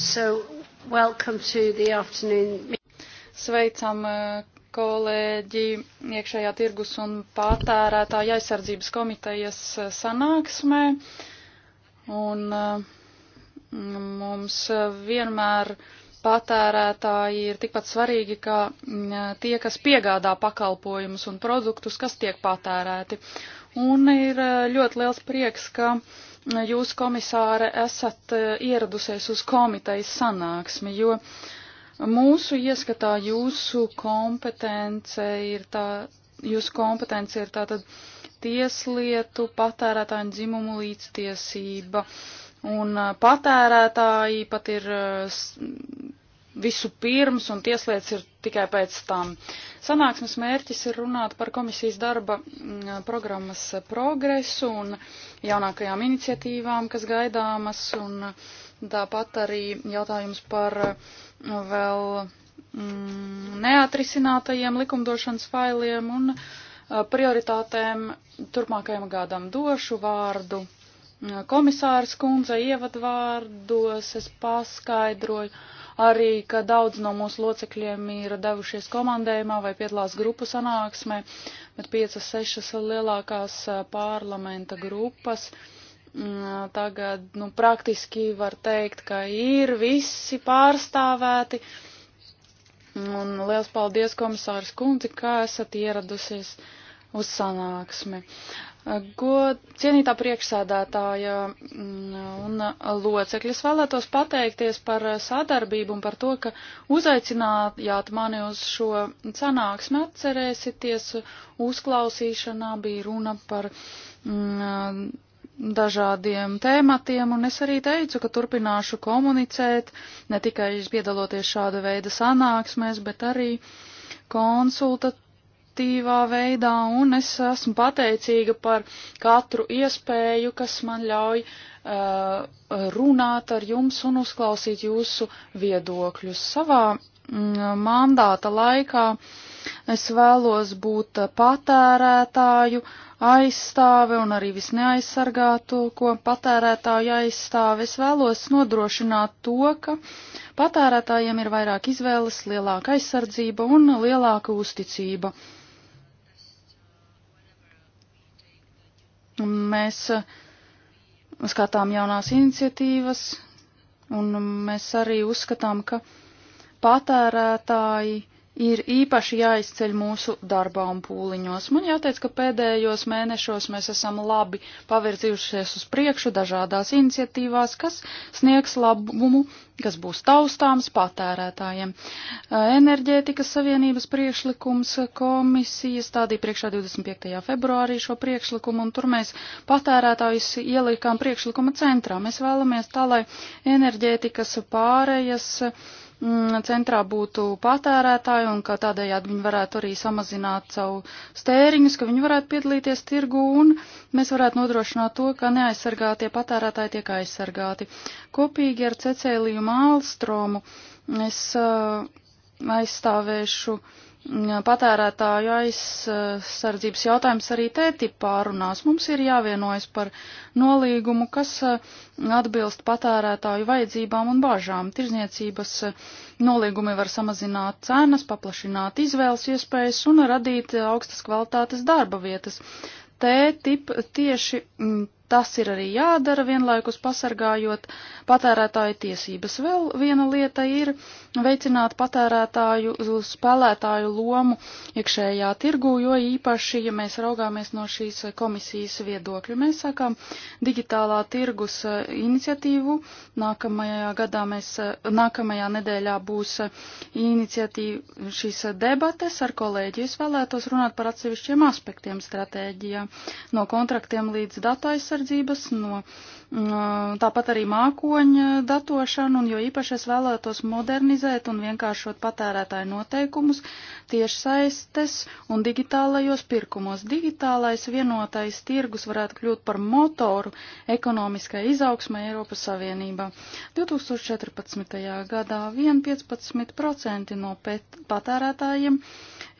So, welcome to the afternoon. Sveicam eh, kolēģi iekšējā tirgus un patērētāja aizsardzības komitejas eh, sanāksmē. Un eh, mums vienmēr patērētāji ir tikpat svarīgi, kā mm, tie, kas piegādā pakalpojumus un produktus, kas tiek patērēti. Un ir ļoti liels prieks, ka uh, jūs, komisāre, esat e, ieradusies uz komitejas sanāksmi, jo mūsu ieskatā jūsu kompetence ir tā, jūsu kompetence ir tātad tieslietu, patērētāju un dzimumu līdztiesība. Un e, patērētāji pat ir e, visu pirms un tieslietas ir tikai pēc tam. Sanāksmes mērķis ir runāt par komisijas darba mm, programmas progresu un jaunākajām iniciatīvām, kas gaidāmas, un tāpat arī jautājums par mm, vēl mm, neatrisinātajiem likumdošanas failiem un mm, prioritātēm turpmākajam gadam došu vārdu komisārs kundze ievadvārdos es paskaidroju arī, ka daudz no mūsu locekļiem ir devušies komandējumā vai piedalās grupu sanāksmē, bet 5-6 lielākās parlamenta grupas. Tagad, nu, praktiski var teikt, ka ir visi pārstāvēti. Un liels paldies, komisārs Kunti, ka esat ieradusies. Uh, uz sanāksmi. God, cienītā priekšsādātāja mm, un locekļus vēlētos pateikties par sadarbību un par to, ka uzaicinājāt mani uz šo sanāksmi. Atcerēsities, uzklausīšanā bija runa par mm, dažādiem tēmatiem, un es arī teicu, ka turpināšu komunicēt, ne tikai piedaloties šāda veida sanāksmēs, bet arī konsultat pozitīvā veidā, un es esmu pateicīga par katru iespēju, kas man ļauj uh, runāt ar jums un uzklausīt jūsu viedokļus. Savā mm, mandāta laikā es vēlos būt patērētāju aizstāve un arī visneaizsargāto, ko patērētāju aizstāve. Es vēlos nodrošināt to, ka patērētājiem ir vairāk izvēles, lielāka aizsardzība un lielāka uzticība. Mēs uh, skatām jaunās iniciatīvas, un mēs arī uzskatām, ka patērētāji ir īpaši jāizceļ mūsu darbā un pūliņos. Man jāteic, ka pēdējos mēnešos mēs esam labi pavirzījušies uz priekšu dažādās iniciatīvās, kas sniegs labumu, kas būs taustāms patērētājiem. Enerģētikas savienības priekšlikums komisija stādīja priekšā 25. februārī šo priekšlikumu, un tur mēs patērētājus ielikām priekšlikuma centrā. Mēs vēlamies tā, lai enerģētikas pārējas Mm, centrā būtu patērētāji un ka tādējādi viņi varētu arī samazināt savu stēriņus, ka viņi varētu piedalīties tirgu un mēs varētu nodrošināt to, ka neaizsargātie patērētāji tiek aizsargāti. Kopīgi ar Cecēliju Mālstromu es uh, aizstāvēšu uh, patērētāju aizsardzības jautājums arī tēti pārunās. Mums ir jāvienojas par nolīgumu, kas eh, atbilst patērētāju vajadzībām un bažām. Tirzniecības eh, nolīgumi var samazināt cenas, paplašināt izvēles iespējas un radīt eh, augstas kvalitātes darba vietas. Tētip tieši mm, Tas ir arī jādara vienlaikus pasargājot patērētāju tiesības. Vēl viena lieta ir veicināt patērētāju spēlētāju lomu iekšējā tirgū, jo īpaši, ja mēs raugāmies no šīs komisijas viedokļa, mēs sākām digitālā tirgus e, iniciatīvu. Nākamajā gadā mēs, e, nākamajā nedēļā būs e, iniciatīva šīs debates ar kolēģi. Es vēlētos runāt par atsevišķiem aspektiem stratēģijā, no kontraktiem līdz datu aizsardzībai aizsardzības, no tāpat arī mākoņa datošanu, un jo īpaši es vēlētos modernizēt un vienkāršot patērētāju noteikumus tiešsaistes un digitālajos pirkumos. Digitālais vienotais tirgus varētu kļūt par motoru ekonomiskai izaugsmai Eiropas Savienībā. 2014. gadā 1,15% no patērētājiem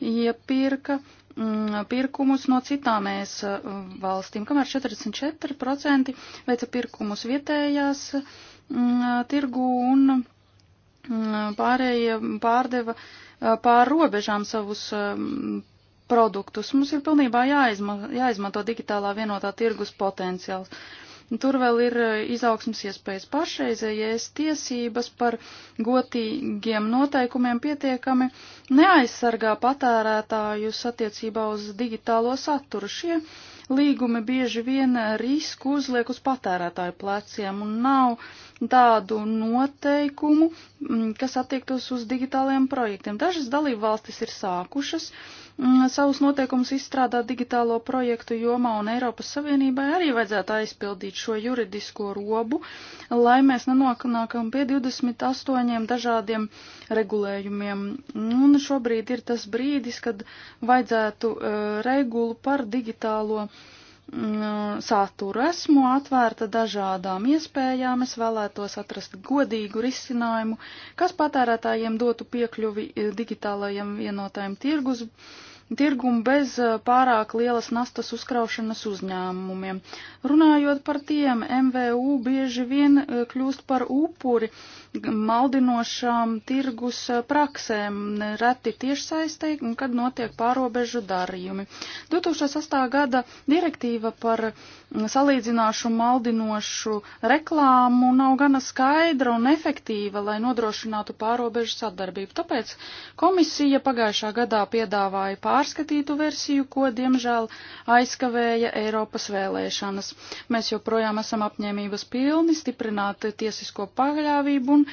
iepirka Mm, pirkumus no citām mēs uh, valstīm, kamēr 44% veica pirkumus vietējās mm, tirgu un mm, pārējie pārdeva uh, pār robežām savus um, produktus. Mums ir pilnībā jāizma, jāizmanto digitālā vienotā tirgus potenciāls. Tur vēl ir e, izaugsmas iespējas pašreizējais tiesības par gotīgiem noteikumiem pietiekami neaizsargā patērētājus attiecībā uz digitālo saturu. Šie līgumi bieži vien risku uzliek uz patērētāju pleciem un nav tādu noteikumu, mm, kas attiektos uz digitālajiem projektiem. Dažas dalību valstis ir sākušas mm, savus noteikumus izstrādāt digitālo projektu jomā, un Eiropas Savienībai arī vajadzētu aizpildīt šo juridisko robu, lai mēs nenonākam nu pie 28 dažādiem regulējumiem. Un šobrīd ir tas brīdis, kad vajadzētu uh, regulu par digitālo projektu Mm, saturu. Esmu atvērta dažādām iespējām, es vēlētos atrast godīgu risinājumu, kas patērētājiem dotu piekļuvi eh, digitālajiem vienotajiem tirgus tirgumu bez eh, pārāk lielas nastas uzkraušanas uzņēmumiem. Runājot par tiem, MVU bieži vien eh, kļūst par upuri maldinošām tirgus eh, praksēm, reti tiešsaistē, kad notiek pārobežu darījumi. 2008. gada direktīva par mm, salīdzināšu maldinošu reklāmu nav gana skaidra un efektīva, lai nodrošinātu pārobežu sadarbību. Tāpēc komisija pagājušā gadā piedāvāja pār pārskatītu versiju, ko, diemžēl, aizkavēja Eiropas vēlēšanas. Mēs joprojām esam apņēmības pilni stiprināt tiesisko paļāvību un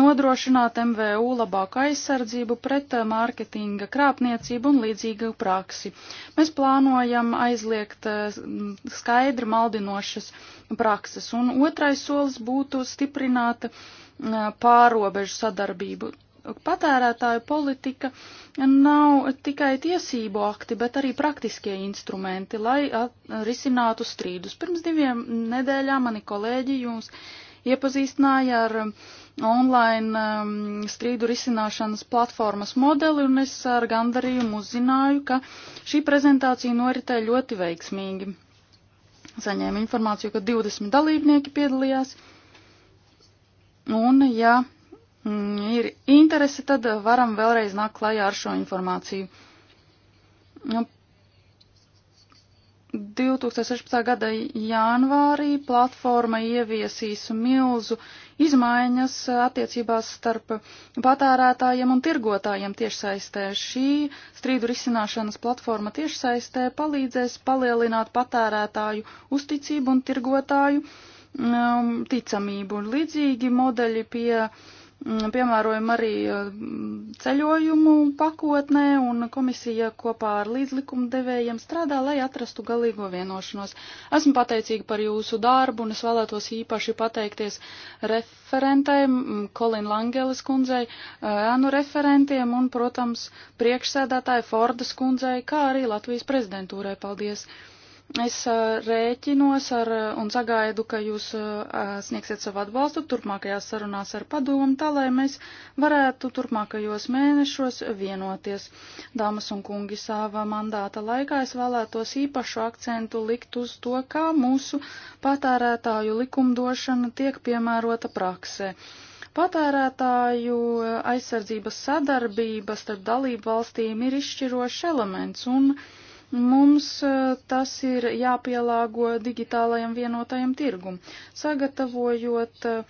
nodrošināt MVU labāku aizsardzību pret mārketinga krāpniecību un līdzīgu praksi. Mēs plānojam aizliegt mm, skaidri maldinošas prakses, un otrais solis būtu stiprināt mm, pārobežu sadarbību patērētāju politika nav tikai tiesību akti, bet arī praktiskie instrumenti, lai risinātu strīdus. Pirms diviem nedēļām mani kolēģi jums iepazīstināja ar um, online um, strīdu risināšanas platformas modeli, un es ar gandarījumu uzzināju, ka šī prezentācija noritēja ļoti veiksmīgi. Saņēmu informāciju, ka 20 dalībnieki piedalījās, un, ja Mm, ir interese, tad varam vēlreiz nākt klajā ar šo informāciju. 2016. Nu, gada janvārī platforma ieviesīs milzu izmaiņas attiecībās starp patērētājiem un tirgotājiem tiešsaistē. Šī strīdu risināšanas platforma tiešsaistē palīdzēs palielināt patērētāju uzticību un tirgotāju um, ticamību. Līdzīgi modeļi pie uh, Mm, piemērojam arī uh, ceļojumu pakotnē, un komisija kopā ar līdzlikumdevējiem strādā, lai atrastu galīgo vienošanos. Esmu pateicīga par jūsu darbu, un es vēlētos īpaši pateikties referentēm, Kolin mm, Langeles kundzei, uh, ēnu referentiem un, protams, priekšsēdētāju Fordas kundzei, kā arī Latvijas prezidentūrai. Paldies! Es rēķinos ar un sagaidu, ka jūs sniegsiet savu atbalstu turpmākajās sarunās ar padomu, tā lai mēs varētu turpmākajos mēnešos vienoties. Dāmas un kungi, savā mandāta laikā es vēlētos īpašu akcentu likt uz to, kā mūsu patērētāju likumdošana tiek piemērota praksē patērētāju aizsardzības sadarbība starp dalību valstīm ir izšķirošs elements, un Mums eh, tas ir jāpielāgo digitālajam vienotajam tirgum, sagatavojot eh,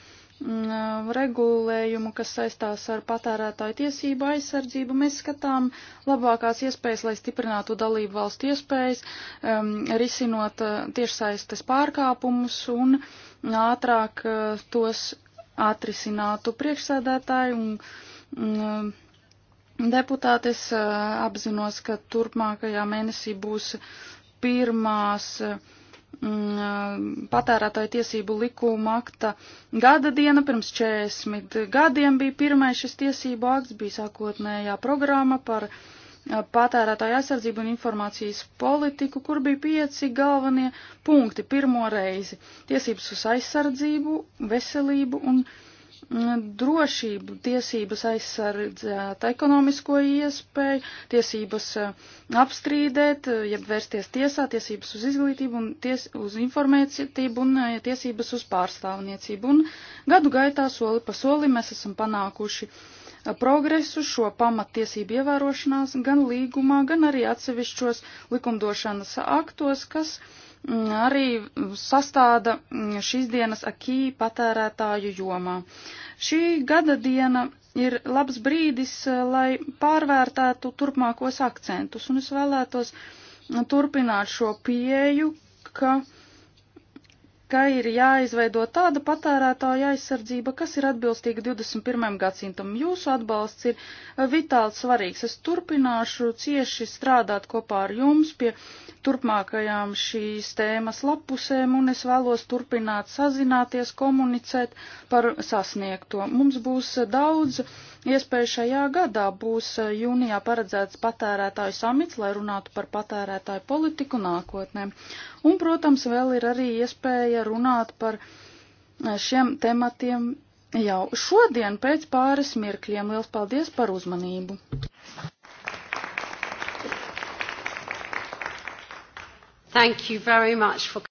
mm, eh, regulējumu, kas saistās ar patērētāju tiesību aizsardzību. Mēs skatām labākās iespējas, lai stiprinātu dalību valstu iespējas, um, risinot uh, tiešsaistes pārkāpumus un ātrāk uh, tos atrisinātu priekšsēdētāju un um, deputātes apzinos, ka turpmākajā mēnesī būs pirmās patērētāju tiesību likuma akta gada diena pirms 40 gadiem bija pirmais šis tiesību akts, bija sākotnējā programma par patērētāju aizsardzību un informācijas politiku, kur bija pieci galvenie punkti pirmo reizi - tiesības uz aizsardzību, veselību un veselību drošību, tiesības aizsardzēt ekonomisko iespēju, tiesības eh, apstrīdēt, eh, jeb vērsties tiesā, tiesības uz izglītību, un ties, uz informētību un eh, tiesības uz pārstāvniecību. Un gadu gaitā soli pa soli mēs esam panākuši progresu šo pamattiesību ievērošanās gan līgumā, gan arī atsevišķos likumdošanas aktos, kas uh, arī sastāda šīs dienas akī patērētāju jomā. Šī gada diena ir labs brīdis, lai pārvērtētu turpmākos akcentus, un es vēlētos turpināt šo pieeju, ka, ka ir jāizveido tāda patērētāja aizsardzība, kas ir atbilstīga 21. gadsimtam. Jūsu atbalsts ir vitāli svarīgs. Es turpināšu cieši strādāt kopā ar jums pie uh, turpmākajām šīs tēmas lapusēm, un es vēlos turpināt sazināties, komunicēt par sasniegto. Mums būs daudz iespēju šajā gadā. Būs jūnijā paredzēts patērētāju samits, lai runātu par patērētāju politiku nākotnē. Un, protams, vēl ir arī iespēja runāt par šiem tematiem jau šodien pēc pāris mirkļiem. Liels paldies par uzmanību! Thank you very much for.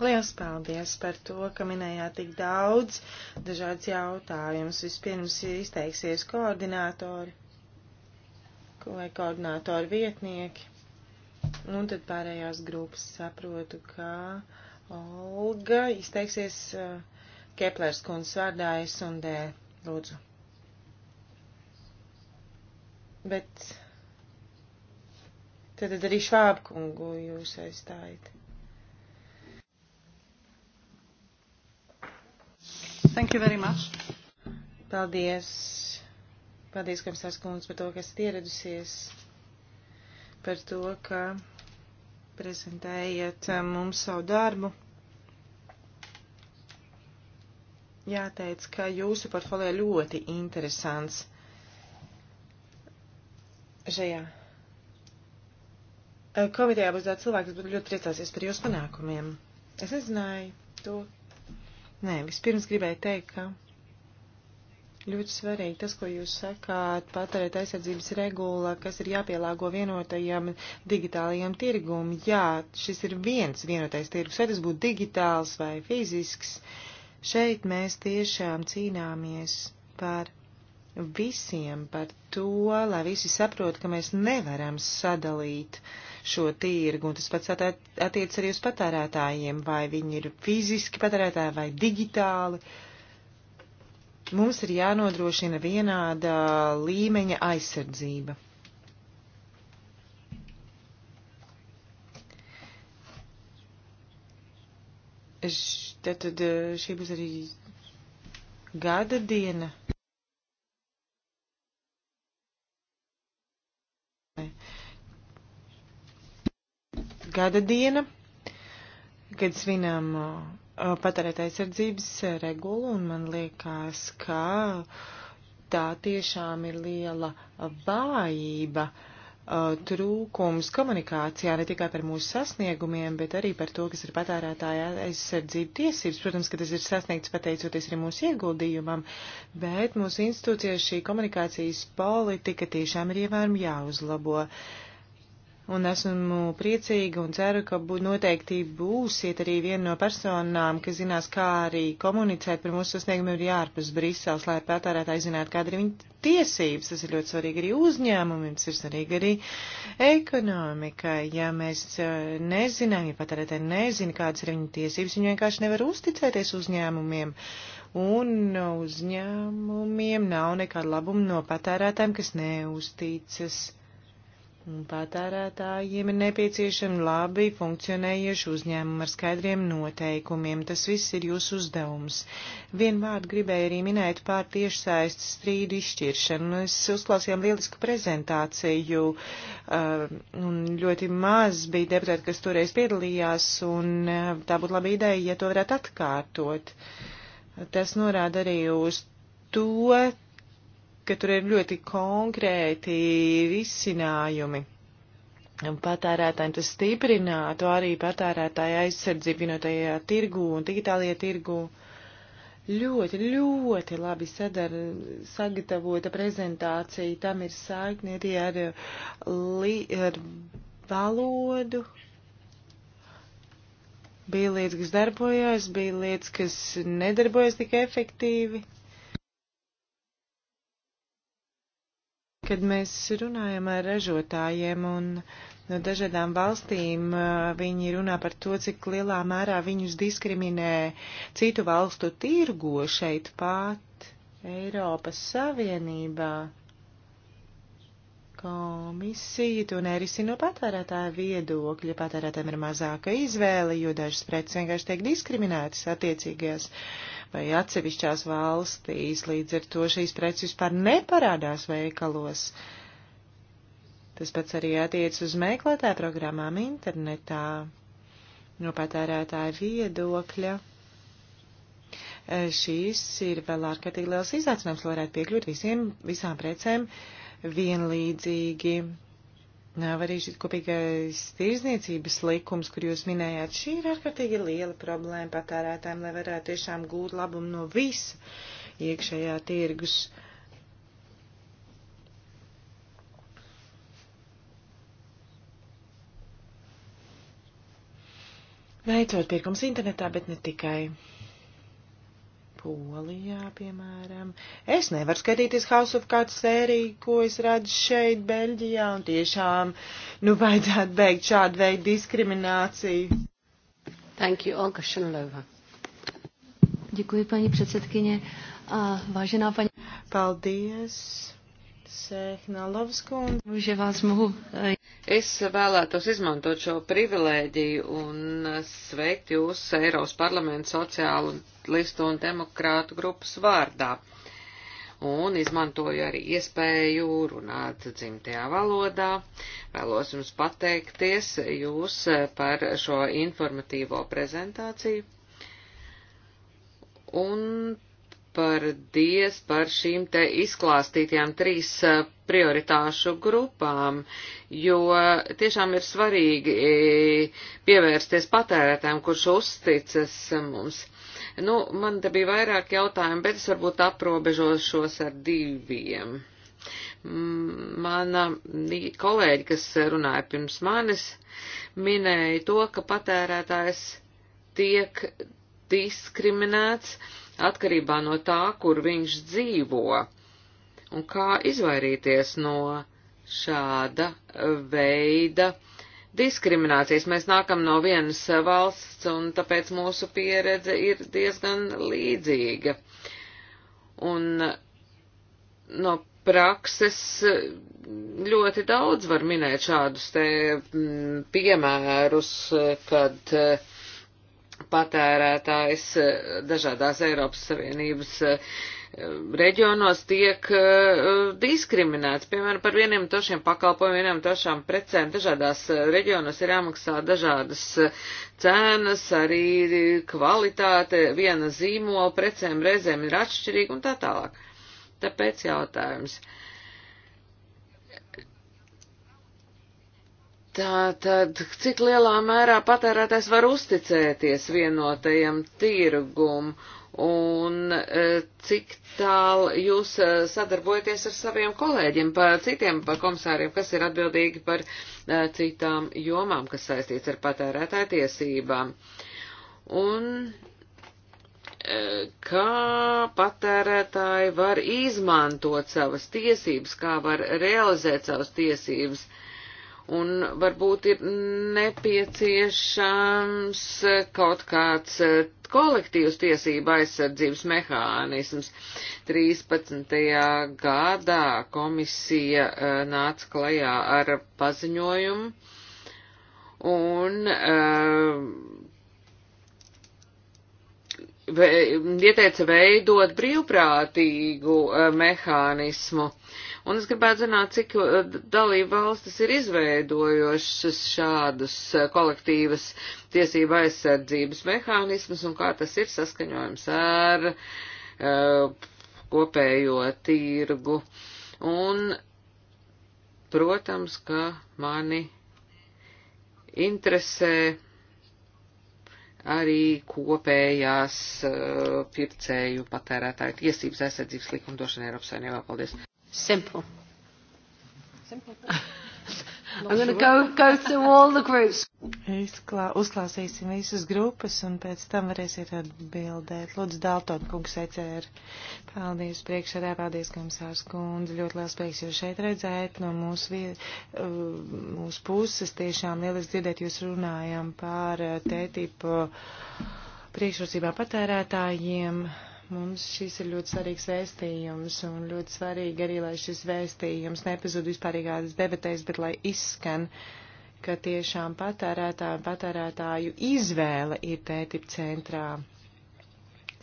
Liels paldies par to, ka minējāt tik daudz dažādas jautājumus. Vispirms izteiksies koordinātori vai koordinātori vietnieki. Un tad pārējās grupas saprotu, ka Olga izteiksies eh, Keplers kundzes vārdā S un D. Lūdzu. Bet Tad arī švābkungu jūs aizstājat. Thank you very much. Paldies. Paldies, komisārs Kunds, par to, ka esat ieradusies, par to, ka prezentējat eh, mums savu darbu. Jāteic, ka jūsu portfolio ļoti interesants šajā komitejā būs daudz cilvēku, kas būtu ļoti priecāsies par jūsu panākumiem. Es nezināju to. Nē, vispirms gribēju teikt, ka ļoti svarīgi tas, ko jūs sakāt, patērēt aizsardzības regula, kas ir jāpielāgo vienotajam digitālajam tirgum. Jā, šis ir viens vienotais tirgus, vai tas būtu digitāls vai fizisks. Šeit mēs tiešām cīnāmies par visiem par to, lai visi saprot, ka mēs nevaram sadalīt šo tirgu, un tas pats attiec arī uz patērētājiem, vai viņi ir fiziski patērētāji vai digitāli. Mums ir jānodrošina vienāda līmeņa aizsardzība. Tad šī būs arī gada diena. gada diena, kad svinām uh, patērēt aizsardzības uh, regulu, un man liekas, ka tā tiešām ir liela vājība, uh, trūkums komunikācijā ne tikai par mūsu sasniegumiem, bet arī par to, kas ir patērētāja aizsardzība tiesības. Protams, ka tas ir sasniegts pateicoties arī mūsu ieguldījumam, bet mūsu institūcijās šī komunikācijas politika tiešām ir ievērm jāuzlabo. Uh, un esmu priecīga un ceru, ka bū, noteikti būsiet arī viena no personām, kas zinās, kā arī komunicēt par mūsu sasniegumiem ir jārpus Brisels, lai patērētāji zinātu, kāda ir viņa tiesības. Tas ir ļoti svarīgi arī uzņēmumiem, tas ir svarīgi arī ekonomikai. Ja mēs eh, nezinām, ja patērētāji nezina, kādas ir viņa tiesības, viņi vienkārši nevar uzticēties uzņēmumiem un uzņēmumiem nav nekāda labuma no patērētājiem, kas neusticas Un patērētājiem ir nepieciešami labi funkcionējuši uzņēmumi ar skaidriem noteikumiem. Tas viss ir jūsu uzdevums. Vienvārdu gribēju arī minēt pār tiešsaistes strīdu izšķiršanu. Mēs uzklausījām lielisku prezentāciju, uh, un ļoti maz bija deputāti, kas toreiz piedalījās, un uh, tā būtu laba ideja, ja to varētu atkārtot. Tas norāda arī uz to, ka tur ir ļoti konkrēti risinājumi. Patērētājiem tas stiprinātu arī patērētāja aizsardzību vienotajā tirgu un digitālajā tirgu. Ļoti, ļoti labi sadar, sagatavota prezentācija. Tam ir saikni arī ar, li, ar valodu. Bija lietas, kas darbojās, bija lietas, kas nedarbojās tik efektīvi. Kad mēs runājam ar ražotājiem un no nu, dažādām valstīm, viņi runā par to, cik lielā mērā viņus diskriminē citu valstu tirgo šeit pat Eiropas Savienībā. Komisija to nerisina no patērētāja viedokļa. Patērētājiem ir mazāka izvēle, jo dažas preces vienkārši tiek diskriminētas attiecīgajās uh, vai atsevišķās valstīs, līdz ar to šīs preces vispār neparādās veikalos. Tas pats arī attiec uz meklētāju programmām internetā no patērētāja viedokļa. E, šīs ir vēl ārkārtīgi liels izaicinājums, lai varētu piekļūt visiem, visām precēm vienlīdzīgi. Nav arī šī kopīgais tirzniecības likums, kur jūs minējāt, šī ir ārkārtīgi liela problēma patērētājiem, lai varētu tiešām gūt labumu no visa iekšējā tirgus. Veicot pirkums internetā, bet ne tikai. Polijā, piemēram. Es nevaru skatīties House of Cards sēriju, ko es redzu šeit, Beļģijā, un tiešām, nu, vajadzētu beigt šādu veidu diskrimināciju. Thank you, Olga Šunlova. Děkuji, paní předsedkyně. A vážená paní... Paldies. Sehnalovs kundze. Eh, es vēlētos izmantot šo privilēģiju un eh, sveikt jūs Eiropas parlamenta sociālu listu un demokrātu grupas vārdā. Un izmantoju arī iespēju runāt dzimtajā valodā. Vēlos jums pateikties jūs eh, par šo informatīvo prezentāciju un Paldies par šīm te izklāstītajām trīs prioritāšu grupām, jo tiešām ir svarīgi pievērsties patērētājiem, kurš uzticas mums. Nu, man te bija vairāk jautājumu, bet es varbūt aprobežošos ar diviem. Mana kolēģi, kas runāja pirms manis, minēja to, ka patērētājs tiek diskriminēts, uh, atkarībā no tā, kur viņš dzīvo, un kā izvairīties no šāda veida diskriminācijas. Mēs nākam no vienas valsts, un tāpēc mūsu pieredze ir diezgan līdzīga. Un no prakses ļoti daudz var minēt šādus te mm, piemērus, kad uh, patērētājs dažādās Eiropas Savienības eh, reģionos tiek eh, diskriminēts. Piemēram, par vieniem tošiem pakalpojumiem, vieniem tošām precēm dažādās eh, reģionos ir jāmaksā dažādas cenas, arī kvalitāte, viena zīmola precēm reizēm ir atšķirīga un tā tālāk. Tāpēc jautājums. Uh, Tātad, cik lielā mērā patērētājs var uzticēties vienotajam tirgum un e, cik tālu jūs e, sadarbojaties ar saviem kolēģiem, par citiem par komisāriem, kas ir atbildīgi par e, citām jomām, kas saistīts ar patērētāju tiesībām. Un kā patērētāji var izmantot savas tiesības, kā var realizēt savas tiesības. Uh, un varbūt ir nepieciešams kaut kāds eh, kolektīvs tiesība aizsardzības mehānisms. 13. gadā komisija eh, nāca klajā ar paziņojumu un eh, ieteica veidot brīvprātīgu mehānismu Un es gribētu zināt, cik uh, dalību valstis ir izveidojošas šādus uh, kolektīvas tiesība aizsardzības mehānismus un kā tas ir saskaņojums ar uh, kopējo tirgu. Un, protams, ka mani interesē arī kopējās uh, pircēju patērētāju tiesības aizsardzības likumdošana Eiropas Savienībā. Paldies! Simple. Simple. I'm going to go, go through all the groups. Izklā, uzklāsīsim visas grupas un pēc tam varēsiet atbildēt. Lūdzu, Dalton, kungs, ECR. Paldies, priekšsēdē, paldies, komisārs kundze. Ļoti liels prieks jūs šeit redzēt no mūsu, vie, uh, mūsu puses. Tiešām lieliski dzirdēt jūs runājam par uh, tētipu priekšrocībā patērētājiem. Uh, Mums šis ir ļoti svarīgs vēstījums un ļoti svarīgi arī, lai šis vēstījums nepazūd vispārīgās debatēs, bet lai izskan, ka tiešām patērētāju, patērētāju izvēle ir tētip centrā.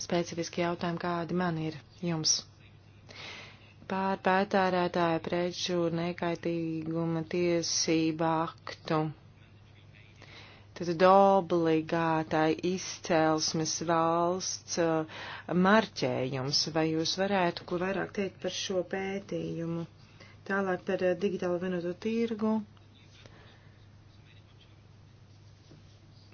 Specifiski jautājumi, kādi man ir jums? Pār patērētāju preču nekaitīguma tiesību aktu Tad obligātai izcēlesmes valsts uh, marķējums, vai jūs varētu ko vairāk teikt par šo pētījumu? Tālāk par uh, digitālu vienoto tirgu.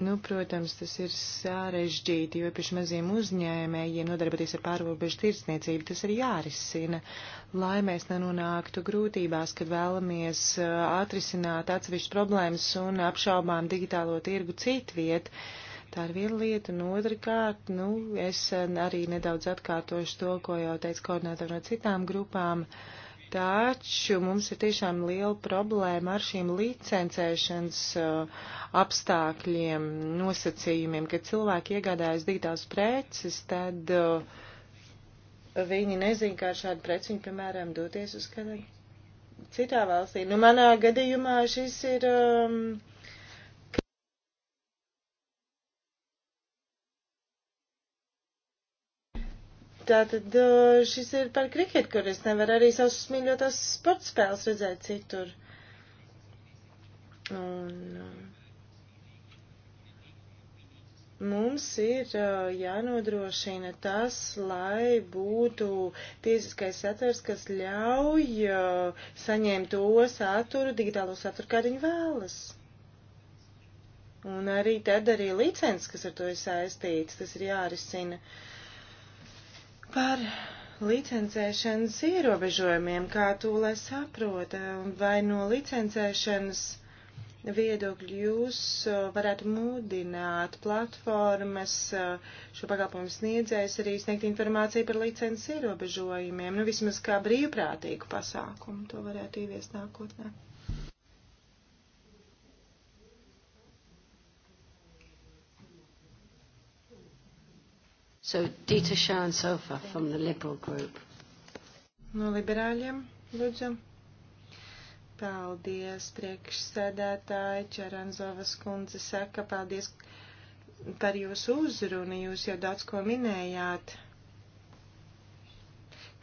Nu, protams, tas ir sarežģīti, jo pieši maziem uzņēmējiem nodarboties ar pārobežu tirdzniecību, tas ir jārisina, lai mēs nenonāktu grūtībās, kad vēlamies uh, atrisināt atsevišķas problēmas un apšaubām digitālo tirgu citviet. Tā ir viena lieta, un otrkārt, nu, es uh, arī nedaudz atkārtošu to, ko jau teica koordinātori no citām grupām. Uh, Taču mums ir tiešām liela problēma ar šiem licencēšanas uh, apstākļiem, nosacījumiem, kad cilvēki iegādājas digitālas preces, tad uh, viņi nezin, kā ar šādu preci viņi, piemēram, doties uz kādā citā valstī. Nu, manā gadījumā šis ir. Um, tātad šis ir par kriketu, kur es nevaru arī savus mīļotās sporta spēles redzēt citur. Un mums ir jānodrošina tas, lai būtu tiesiskais saturs, kas ļauj saņemt to saturu, digitālo saturu, kādu viņi vēlas. Un arī tad arī licences, kas ar to ir saistīts, tas ir jārisina. Uh, par licencēšanas ierobežojumiem, kā to lai saprota, vai no licencēšanas viedokļu jūs uh, varētu mūdināt platformas uh, šo pakalpojumu sniedzējs arī sniegt informāciju par licences ierobežojumiem, nu vismaz kā brīvprātīgu pasākumu to varētu ieviest nākotnē. So, Dita Sharon Sofa from the Liberal Group. No liberāļiem, lūdzu. Paldies, priekšsēdētāji, Čeranzovas kundze saka, paldies par jūsu uzrunu, jūs jau daudz ko minējāt.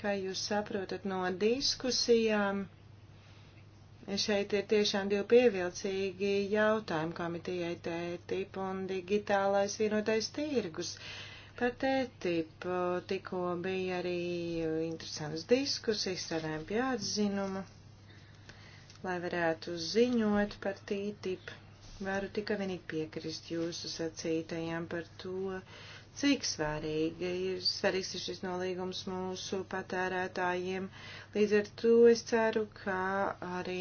Kā jūs saprotat no diskusijām, šeit ir tiešām divi pievilcīgi jautājumi komitejai tētip un digitālais vienotais tirgus. Uh, Par tētību tikko bija arī interesants diskusijas, strādājam pie atzinuma, lai varētu ziņot par tītību. Varu tikai vienīgi piekrist jūsu sacītajām par to, cik svarīgi ir, svarīgs ir šis nolīgums mūsu patērētājiem. Līdz ar to es ceru, ka arī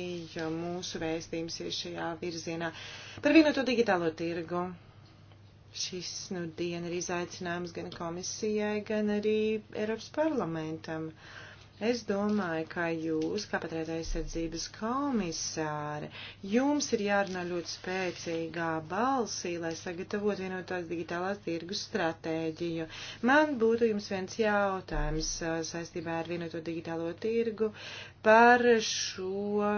mūsu vēstījums ir šajā virzienā par vienoto digitālo tirgu Šis nu, diena ir izaicinājums gan komisijai, gan arī Eiropas parlamentam. Es domāju, ka jūs, kā patreiz aizsardzības komisāre, jums ir jārunā ļoti spēcīgā balsī, lai sagatavotu vienotās digitālās tirgus stratēģiju. Man būtu jums viens jautājums saistībā ar vienoto digitālo tirgu par šo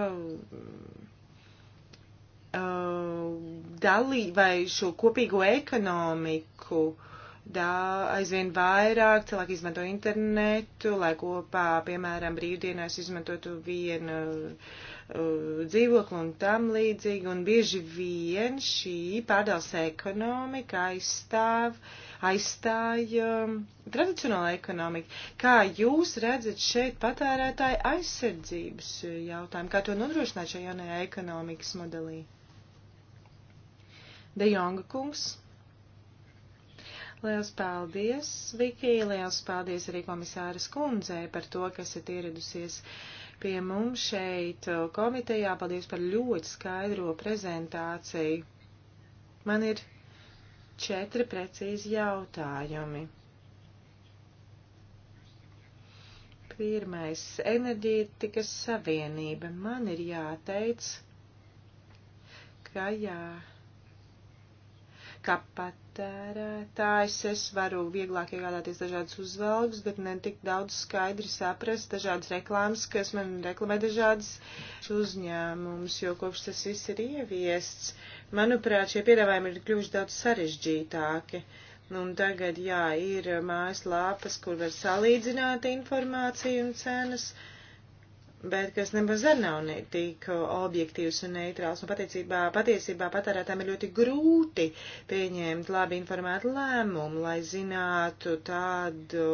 Uh, dalī vai šo kopīgo ekonomiku. Da, aizvien vairāk cilvēki izmanto internetu, lai kopā, piemēram, brīvdienās izmantotu vienu uh, dzīvokli un tam līdzīgi. Un bieži vien šī pārdals ekonomika aizstāv, aizstāja um, tradicionāla ekonomika. Kā jūs redzat šeit patērētāju aizsardzības jautājumu? Kā to nodrošināt šajā jaunajā ekonomikas modelī? Uh, De Jonga kungs. Liels paldies, Viki, liels paldies arī komisāras kundzei par to, kas ir ieradusies pie mums šeit uh, komitejā. Paldies par ļoti skaidro prezentāciju. Man ir četri precīzi jautājumi. Pirmais - enerģētikas savienība. Man ir jāteic, ka jā kā patērētājs es varu vieglāk iegādāties dažādas uzvalgas, bet ne tik daudz skaidri saprast dažādas reklāmas, kas man reklamē dažādas uzņēmumus, jo kopš tas viss ir ieviests, manuprāt, šie piedāvājumi ir kļuvuši daudz sarežģītāki. Nu, un tagad, jā, ir mājas lāpas, kur var salīdzināt informāciju un cenas. Uh, bet kas nemaz arī nav tik objektīvs un neitrāls. Un patiesībā, patiesībā patērētām ir ļoti grūti pieņemt labi informētu lēmumu, lai zinātu tādu,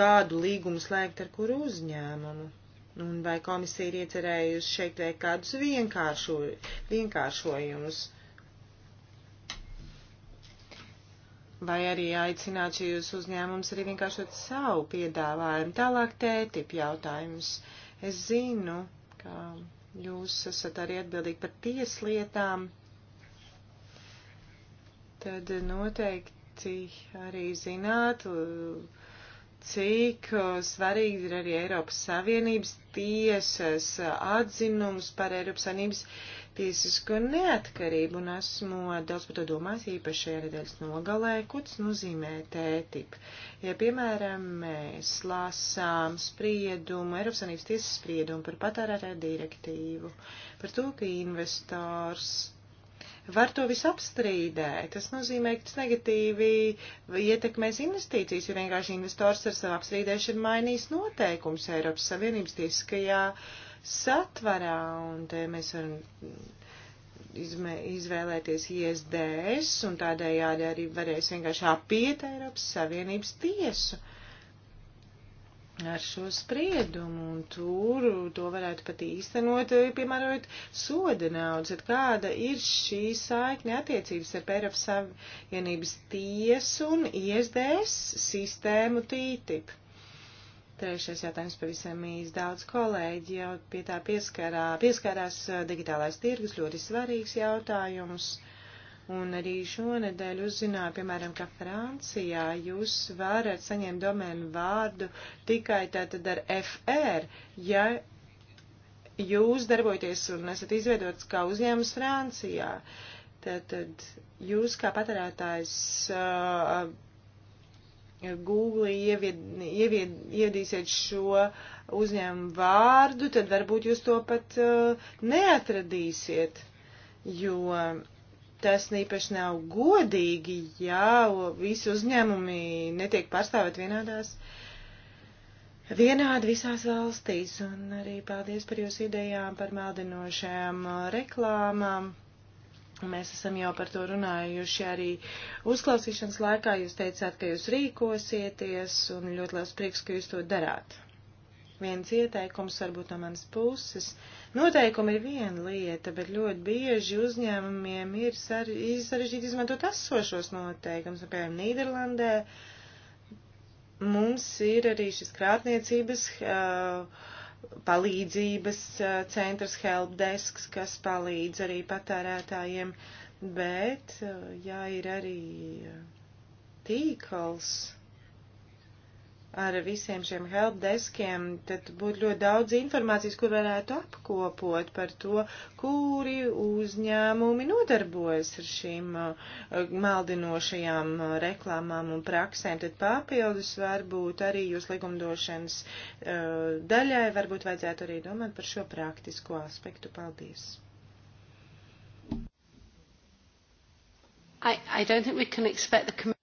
kādu līgumu slēgt ar kuru uzņēmumu. Un vai komisija ir iecerējusi šeit veikt kādus vienkāršo, vienkāršojumus? vai arī aicināt šīs uzņēmums arī vienkāršot savu piedāvājumu. Tālāk tētip jautājums. Es zinu, ka jūs esat arī atbildīgi par tieslietām. Tad noteikti arī zināt, cik svarīgi ir arī Eiropas Savienības tiesas atzinums par Eiropas Savienības uh, tiesisko neatkarību, un esmu daudz par to domājis īpaši šajā nedēļas nogalē, ko tas nozīmē tētip. Ja, piemēram, mēs lasām spriedumu, Eiropas Sanības tiesas spriedumu par patērētāju direktīvu, par to, ka investors var to visu apstrīdēt. Tas nozīmē, ka tas negatīvi ietekmēs investīcijas, jo vienkārši investors ar savu apstrīdēšanu mainīs noteikums Eiropas Savienības tiesiskajā. Ja satvarā, un te mēs varam izmē, izvēlēties ISDS, un tādējādi arī varēs vienkārši apiet Eiropas Savienības tiesu ar šo spriedumu, un tur to varētu pat īstenot, eh, piemērojot soda naudas, tad kāda ir šī saikne attiecības ar Eiropas Savienības tiesu un ISDS sistēmu TTIP. Trešais jautājums pavisam īsti. Daudz kolēģi jau pie tā pieskarā, pieskarās eh, digitālais tirgus, ļoti svarīgs jautājums. Un arī šonedēļ uzzināju, piemēram, ka Francijā jūs varat saņemt domēnu vārdu tikai tātad ar FR, ja jūs darbojaties un esat izveidots kā uzņēmums Francijā. Tātad jūs kā patērētājs. Uh, Google ievied, ievied, iedīsiet šo uzņēmumu vārdu, tad varbūt jūs to pat uh, neatradīsiet, jo tas īpaši nav godīgi, ja visi uzņēmumi netiek pārstāvēt vienādās. Vienādi visās valstīs, un arī paldies par jūsu idejām par maldinošajām uh, reklāmām. Mēs esam jau par to runājuši arī uzklausīšanas laikā. Jūs teicāt, ka jūs rīkosieties, un ļoti liels prieks, ka jūs to darāt. Viens ieteikums varbūt no manas puses. Noteikumi ir viena lieta, bet ļoti bieži uzņēmumiem ir sarežģīti izmantot esošos noteikumus. Piemēram, Nīderlandē mums ir arī šis krātniecības. Uh, palīdzības eh, centrs helpdesks, kas palīdz arī patērētājiem, bet eh, jā, ir arī eh, tīkls ar visiem šiem helpdeskiem, tad būtu ļoti daudz informācijas, kur varētu apkopot par to, kuri uzņēmumi nodarbojas ar šīm uh, maldinošajām uh, reklāmām un praksēm. Tad papildus varbūt arī jūs likumdošanas uh, daļai varbūt vajadzētu arī domāt par šo praktisko aspektu. Paldies! I, I don't think we can expect the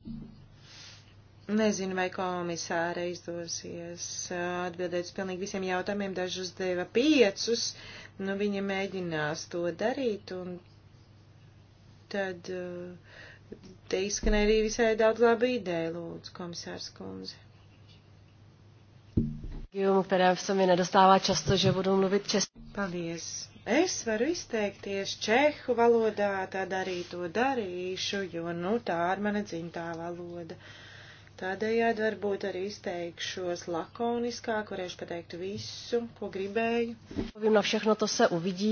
Nezinu, vai komisāra izdosies uh, atbildēt uz pilnīgi visiem jautājumiem. Dažus deva piecus, nu viņa mēģinās to darīt, un tad uh, te izskanēja arī visai daudz labu ideju, lūdzu, komisārs kundze. Jums, které se mi nedostává často, že budu mluvit česky. Paldies. Es varu izteikties čehu valodā, tad arī to darīšu, jo, nu, tā ir mana dzimtā valoda. Uh, Tādējādi varbūt arī izteikšos lakoniskāk, varēšu pateikt visu, ko gribēju. No všechno to se uvidí.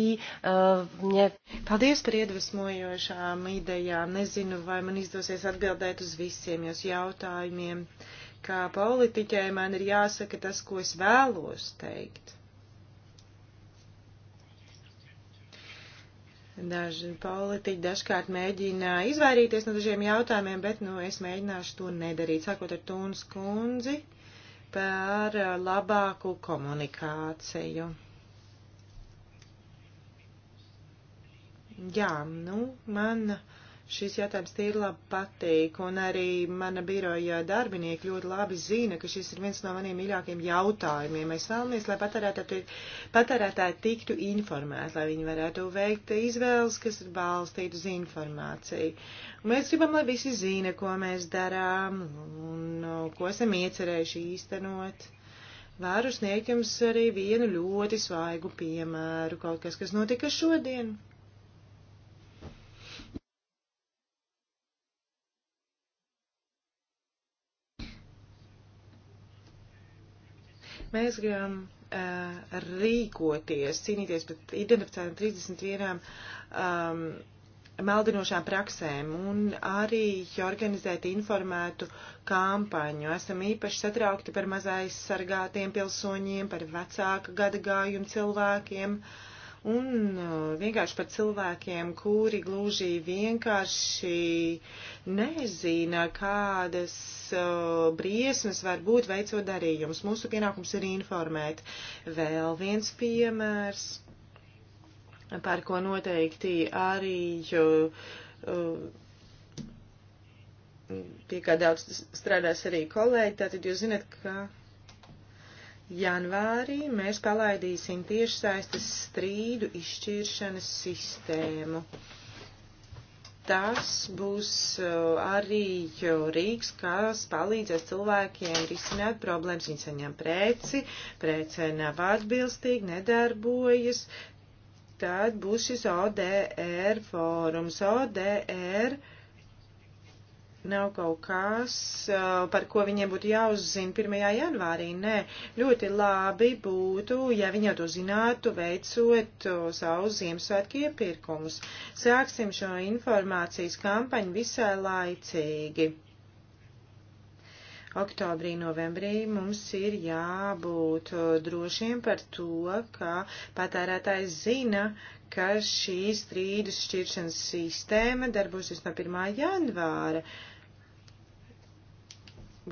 Uh, mě... Paldies par iedvesmojošām idejām. Nezinu, vai man izdosies atbildēt uz visiem jūs jautājumiem. Kā politiķai man ir jāsaka tas, ko es vēlos teikt. Daži politiķi dažkārt mēģina izvairīties no dažiem jautājumiem, bet nu, es mēģināšu to nedarīt. Sākot ar Tūnas kundzi par eh, labāku komunikāciju. Jā, nu, man. Uh, šis jautājums tīri labi patīk, un arī mana biroja darbinieki ļoti labi zina, ka šis ir viens no maniem mīļākiem jautājumiem. Mēs vēlamies, lai patērētāji patērētā tiktu informēti, lai viņi varētu veikt izvēles, kas ir balstītas uz informāciju. Un mēs gribam, lai visi zina, ko mēs darām un ko esam iecerējuši īstenot. Varu sniegt jums arī vienu ļoti svaigu piemēru, kaut kas, kas notika šodien. Mēs gribam uh, rīkoties, cīnīties pret identificētām 31 um, ehm, meldinošām praksēm un arī organizēt informētu kampaņu. Esam īpaši satraukti par mazais sargātiem pilsoņiem, par vecāka gadagājumu cilvēkiem. Uh, un uh, vienkārši par cilvēkiem, kuri gluži vienkārši nezina, kādas uh, briesmas var būt veicot darījumus. Mūsu pienākums ir informēt. Vēl viens piemērs, par ko noteikti arī. Jo, uh, pie kā daudz strādās arī kolēģi, tātad jūs zinat, ka janvārī mēs palaidīsim tiešsaistes strīdu izšķiršanas sistēmu. Tas būs uh, arī uh, rīks, kas palīdzēs cilvēkiem risināt problēmas. Viņi saņem preci, prece nav atbilstīgi, nedarbojas. Tad būs šis ODR fórums. ODR uh, nav kaut kas, par ko viņiem būtu jāuzzina 1. janvārī. Nē, ļoti labi būtu, ja viņi jau to zinātu, veicot savus Ziemassvētku iepirkumus. Sāksim šo informācijas kampaņu visai laicīgi. Oktobrī, novembrī mums ir jābūt drošiem par to, ka patērētājs zina, ka šī strīdu šķiršanas sistēma darbosies no 1. janvāra. Uh,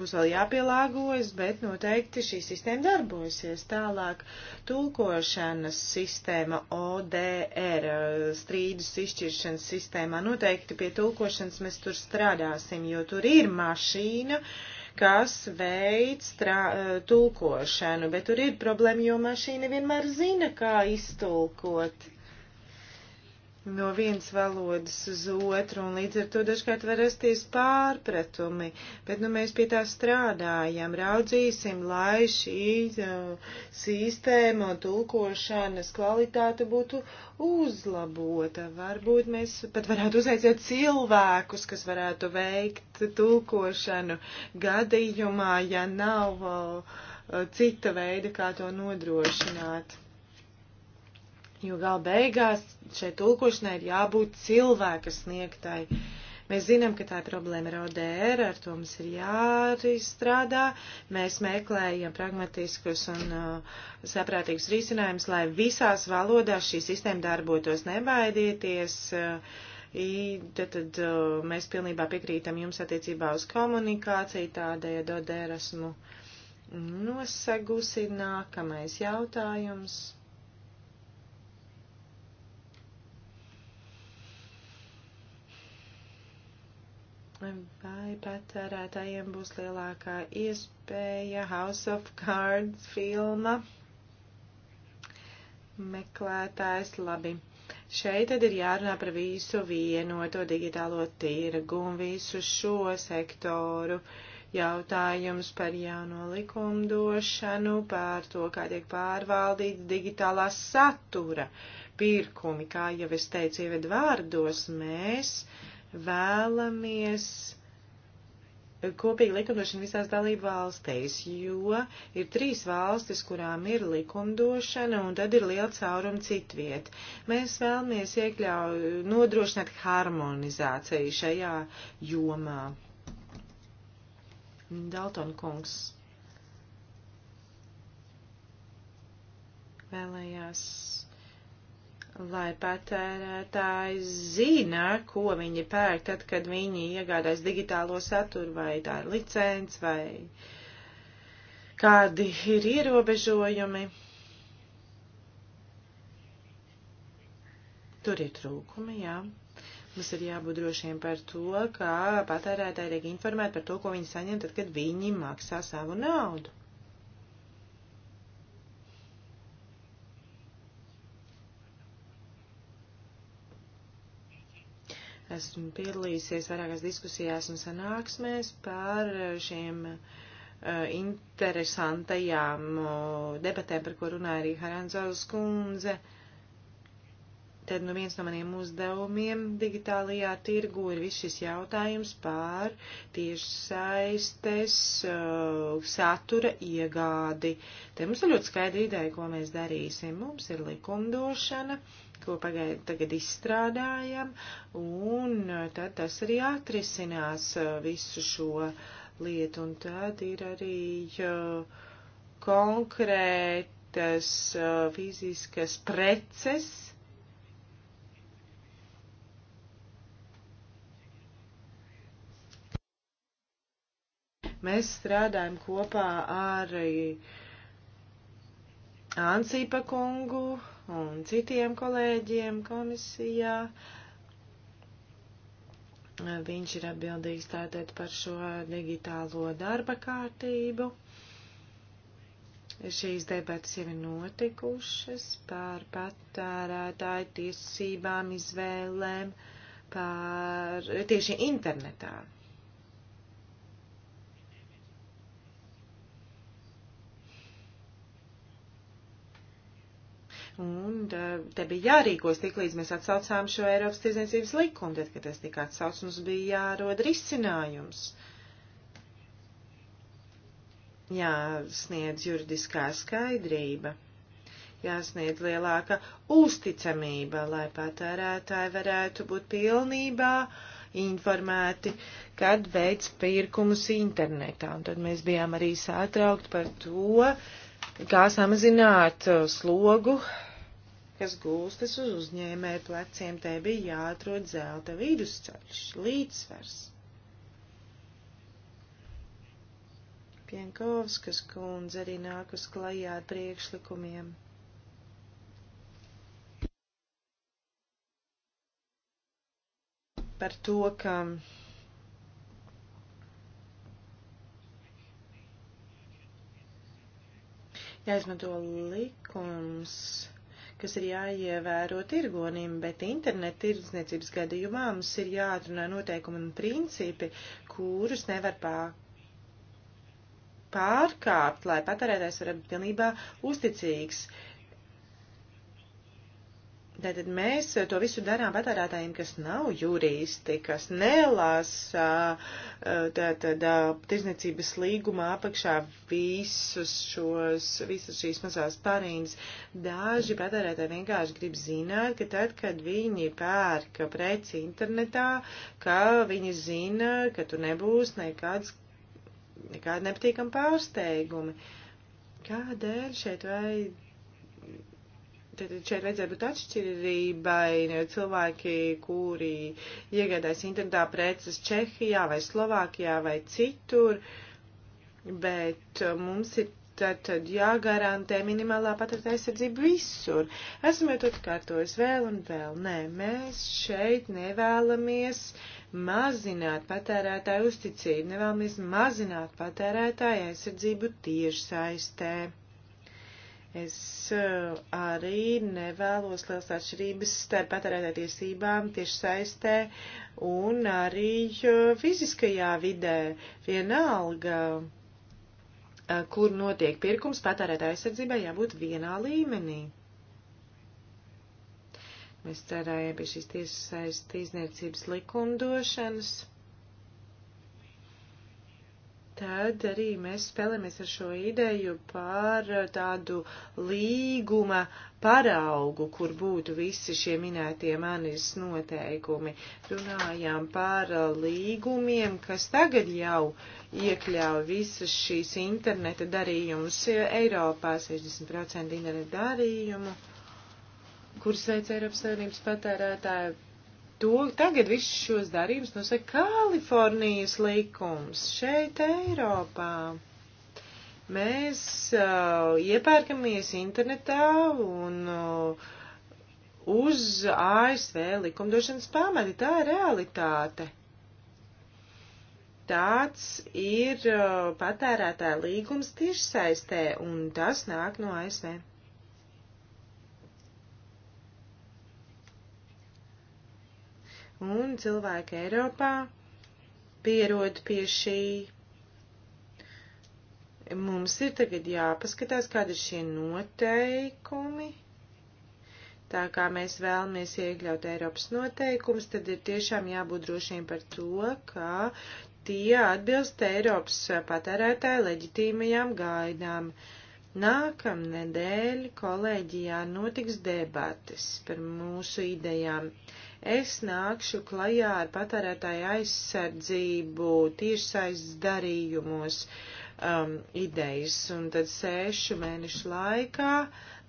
būs vēl jāpielāgojas, bet noteikti šī sistēma darbosies. Tālāk tulkošanas sistēma ODR, strīdus izšķiršanas sistēmā, noteikti pie tulkošanas mēs tur strādāsim, jo tur ir mašīna kas veids trā, eh, tulkošanu, bet tur ir problēma, jo mašīna vienmēr zina, kā iztulkot no vienas valodas uz otru, un līdz ar to dažkārt var rasties pārpratumi, bet nu mēs pie tā strādājam, raudzīsim, lai šī uh, sistēma un tulkošanas kvalitāte būtu uzlabota. Varbūt mēs pat varētu uzaicināt cilvēkus, kas varētu veikt tulkošanu gadījumā, ja nav uh, cita veida, kā to nodrošināt jo gal beigās šai tulkošanai ir jābūt cilvēka sniegtai. Mēs zinām, ka tā problēma ir ODR, ar to mums ir jāstrādā. Mēs meklējam pragmatiskus un uh, saprātīgus risinājumus, lai visās valodās šī sistēma darbotos. Nebaidieties! Uh, I, tad, tad uh, mēs pilnībā piekrītam jums attiecībā uz komunikāciju, tādēļ dod erasmu nosegusi nākamais jautājums. jautājumi, vai patērētājiem būs lielākā iespēja House of Cards filma meklētājs labi. Šeit tad ir jārunā par visu vienoto digitālo tirgu un visu šo sektoru. Jautājums par jauno likumdošanu, par to, kā tiek pārvaldīts digitālā satura pirkumi, kā jau es teicu, ieved vārdos mēs. Uh, vēlamies kopīgi likumdošana visās dalību valstīs, jo ir trīs valstis, kurām ir likumdošana, un tad ir liela cauruma citviet. Mēs vēlamies iekļaut, nodrošināt harmonizāciju šajā jomā. Dalton kungs vēlējās lai patērētāji zina, ko viņi pērk tad, kad viņi iegādājas digitālo saturu, vai tā ir licence, vai kādi ir ierobežojumi. Tur ir trūkumi, jā. Mums ir jābūt drošiem par to, ka patērētāji tiek informēti par to, ko viņi saņem tad, kad viņi maksā savu naudu. Esmu piedalījusies vairākās diskusijās un sanāksmēs par šiem eh, interesantajām debatēm, par ko runāja arī Haranzaus kundze. Tad nu, viens no maniem uzdevumiem digitālajā tirgu ir viss šis jautājums pār tiešsaistes uh, satura iegādi. Te mums ir ļoti skaidra ideja, ko mēs darīsim. Mums ir likumdošana, uh, to pagaid, tagad izstrādājam, un uh, tad tas arī atrisinās uh, visu šo lietu, un tad ir arī uh, konkrētas fiziskas preces, mēs strādājam kopā ar Ansīpa kungu, un citiem kolēģiem komisijā. Viņš ir atbildīgs tātad par šo digitālo darba kārtību. Šīs debatas jau ir notikušas par patērētāju tiesībām, izvēlēm, par tieši internetā. Un te bija jārīkos tik līdz mēs atsaucām šo Eiropas tiesniecības likumu, tad, kad tas tika atsauc, mums bija jārod risinājums. Jāsniedz juridiskā skaidrība jāsniedz lielāka uzticamība, lai patērētāji varētu būt pilnībā informēti, kad veids pirkumus internetā. Un tad mēs bijām arī satraukti par to, kā samazināt slogu kas gūstas uz uzņēmēju pleciem, tai bija jāatrod zelta vidusceļš, līdzsvars. Pienkovskas kundze arī nāk uz klajā ar priekšlikumiem. Par to, ka jāizmanto likums kas ir jāievēro tirgonim, bet internet tirdzniecības gadījumā mums ir jāatrunā noteikumi un principi, kurus nevar pār pārkāpt, lai patērētājs var būt pilnībā uzticīgs. Uh, Tātad mēs to visu darām patērētājiem, kas nav juristi, kas nelasa eh, tātad tirzniecības līgumā apakšā visus šos, visas šīs mazās parīnas. Daži patērētāji vienkārši grib zināt, ka tad, kad viņi pērka preci internetā, ka viņi zina, ka tur nebūs nekāds, nekāda nepatīkama pārsteigumi. Kādēļ šeit vajag? Tad šeit vajadzētu būt atšķirībai cilvēki, kuri iegādājas internetā preces Čehijā vai Slovākijā vai citur, bet mums ir tad, tad jāgarantē minimālā patērta aizsardzība visur. Esmu jau to atkārtojis vēl un vēl. Nē, mēs šeit nevēlamies mazināt patērētāju uzticību, nevēlamies mazināt patērētāju aizsardzību tiešsaistē. saistē Es eh, arī nevēlos liels atšķirības starp patērētāju tiesībām tieši saistē un arī eh, fiziskajā vidē. Vienalga, eh, kur notiek pirkums, patērētāju aizsardzībai jābūt vienā līmenī. Mēs cerējām pie šīs tiesas saistīzniecības likumdošanas tad arī mēs spēlēmies ar šo ideju par tādu līguma paraugu, kur būtu visi šie minētie manis noteikumi. Runājām par līgumiem, kas tagad jau iekļauj visas šīs interneta darījumus Eiropā, 60% interneta darījumu, kuras veic Eiropas Savienības patērētāju to tagad visus šos darījumus nosaka Kalifornijas likums šeit Eiropā. Mēs uh, iepērkamies internetā un uh, uz ASV likumdošanas pamati. Tā ir realitāte. Tāds ir uh, patērētāja līgums tiešsaistē, un tas nāk no ASV. Un cilvēki Eiropā pierod pie šī. Mums ir tagad jāpaskatās, kādi ir šie noteikumi. Tā kā mēs vēlamies iekļaut Eiropas noteikumus, tad ir tiešām jābūt drošiem par to, ka tie atbilst Eiropas patērētāju leģitīmajām gaidām. Nākamnedēļ kolēģijā notiks debates par mūsu idejām. Es nākšu klajā ar patērētāju aizsardzību tiešsaistes darījumos um, idejas, un tad sešu mēnešu laikā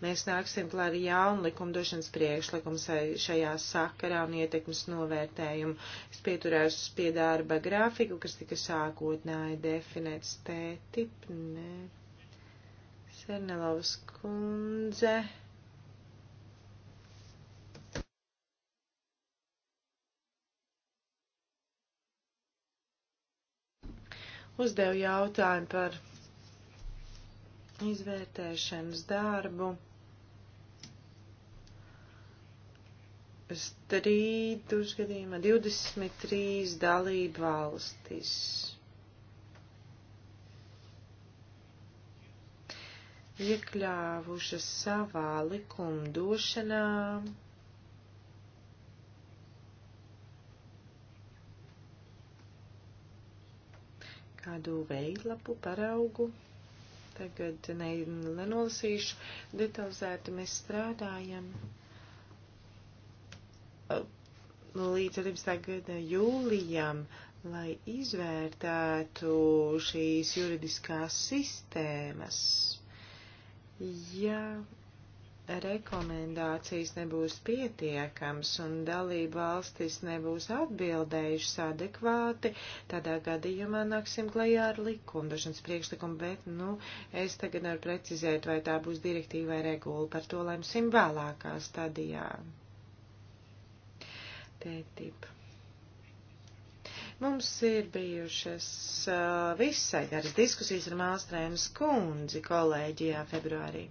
mēs nāksim klajā ar jaunu likumdošanas priekšlikumu šajā sakarā un ietekmes novērtējumu. Es pieturēšu pie darba grafiku, kas tika sākotnēji definēts tētip, nē. Sernelovas kundze. uzdevu jautājumu par izvērtēšanas darbu, strīdus gadījumā 23 dalību valstis. Iekļāvušas savā likumdošanā kādu veidlapu paraugu. Tagad ne, nenolasīšu detalizēti, mēs strādājam līdz 11. gada jūlijam, lai izvērtētu šīs juridiskās sistēmas. Ja rekomendācijas nebūs pietiekams un dalība valstis nebūs atbildējušas adekvāti, tādā gadījumā nāksim klajā ar likumdošanas priekšlikumu, bet, nu, es tagad nevaru precizēt, vai tā būs direktīva vai regula, par to lemsim vēlākā stadijā. Tētip. Mums ir bijušas uh, visai garas diskusijas ar Mālstrēmas kundzi kolēģijā februārī.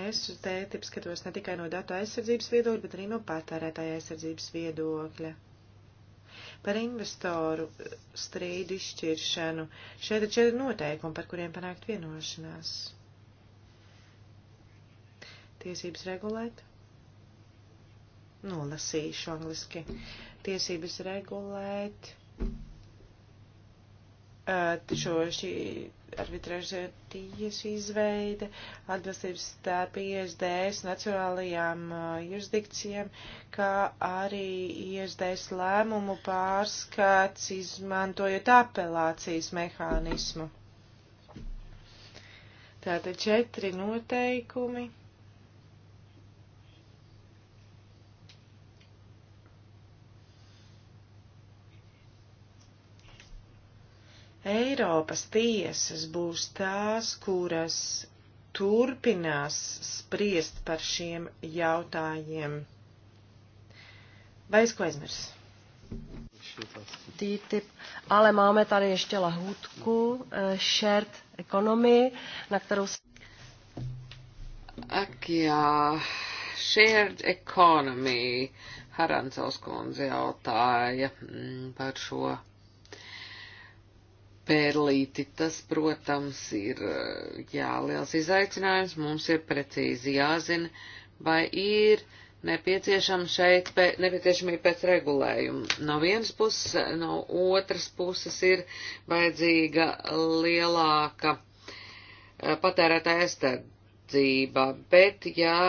Es uz tētipu skatos ne tikai no datu aizsardzības viedokļa, bet arī no patērētāja aizsardzības viedokļa. Par investoru strīdu izšķiršanu. Šeit ir četri noteikumi, par kuriem panākt vienošanās. Tiesības regulēt. Nolasīšu angliski. Tiesības regulēt šo šī arbitraža tiesa izveide, atbilstības starp ISDS nacionālajām uh, jurisdikcijām, kā arī ISDS lēmumu pārskats, izmantojot apelācijas mehānismu. Tātad četri noteikumi Eiropas tiesas būs tās, kuras turpinās spriest par šiem jautājiem. Vai es ko aizmirsu? TTIP, ale máme tady ještě lahůdku uh, shared economy, na kterou se... Ak jā, shared economy, Harancaus kundze jautāja mm, par šo Berlīti. Tas, protams, ir jā, liels izaicinājums. Mums ir precīzi jāzina, vai ir nepieciešama šeit pē, nepieciešamība pēc regulējuma. No vienas puses, no otras puses ir vajadzīga lielāka patērētāja aizstādzība, bet jā,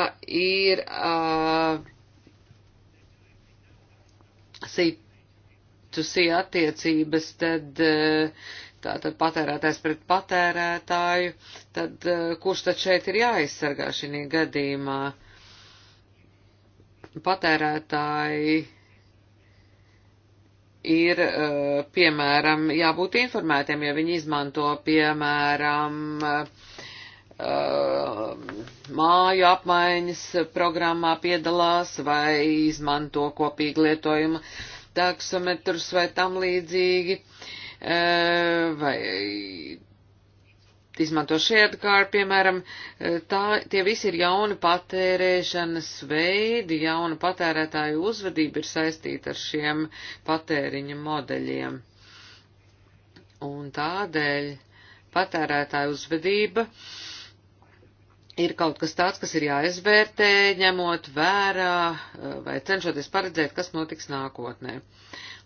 ir uh, situācija attiecības, tad uh, tātad patērētājs pret patērētāju, tad eh, kurš tad šeit ir jāaizsargā šī gadījumā? Patērētāji ir, eh, piemēram, jābūt informētiem, ja viņi izmanto, piemēram, eh, māju apmaiņas programmā piedalās vai izmanto kopīgi lietojuma taksometrus vai tam līdzīgi. Uh, Eh, vai izmanto šķietkāri, piemēram, eh, tā, tie visi ir jauni patērēšanas veidi, jauna patērētāju uzvedība ir saistīta ar šiem patēriņa modeļiem. Un tādēļ patērētāju uzvedība uh, ir kaut kas tāds, kas ir jāizvērtē, ņemot vērā eh, vai cenšoties paredzēt, kas notiks nākotnē.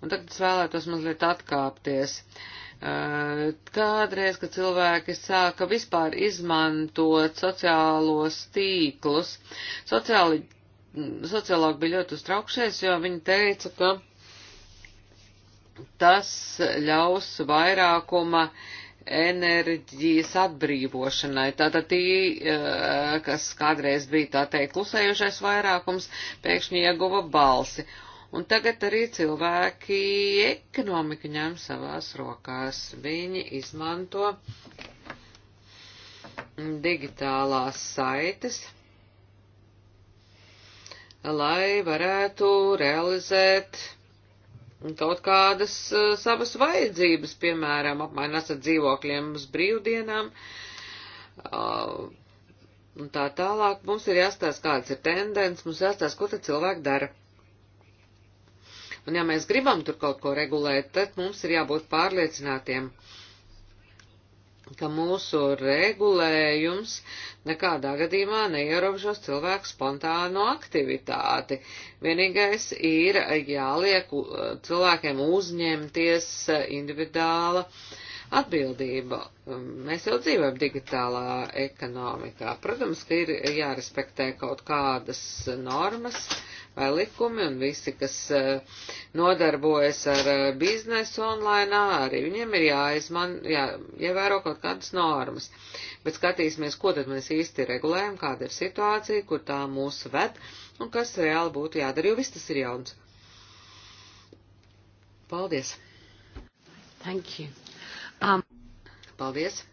Un tagad es vēlētos mazliet atkāpties. Eh, kādreiz, kad cilvēki sāka vispār izmantot sociālos tīklus, sociāli, mm, sociālāk bija ļoti uztraukšies, jo viņi teica, ka tas ļaus vairākuma uh, enerģijas atbrīvošanai. Tātad tī, eh, kas kādreiz bija tā teikt klusējušais vairākums, pēkšņi ieguva balsi. Un tagad arī cilvēki ekonomiku ņem savās rokās. Viņi izmanto digitālās saites, lai varētu realizēt kaut kādas uh, savas vajadzības, piemēram, apmainās ar dzīvokļiem uz brīvdienām. Uh, un tā tālāk mums ir jāstāsta, kādas ir tendences, mums jāstāsta, ko tad cilvēki dara. Un ja mēs gribam tur kaut ko regulēt, tad mums ir jābūt pārliecinātiem, uh, ka mūsu regulējums nekādā gadījumā neierobežos cilvēku spontāno aktivitāti. Vienīgais ir jāliek cilvēkiem uzņemties individuāla atbildība. Mēs jau dzīvojam digitālā ekonomikā. Protams, ka ir jārespektē kaut kādas normas, likumi un visi, kas eh, nodarbojas ar eh, biznesu online, arī viņiem ir jāizman, jā, jāievēro kaut kādas normas. Bet skatīsimies, ko tad mēs īsti regulējam, kāda ir situācija, kur tā mūs ved un kas reāli būtu jādara, jo viss tas ir jauns. Paldies! Thank you. Um... Paldies!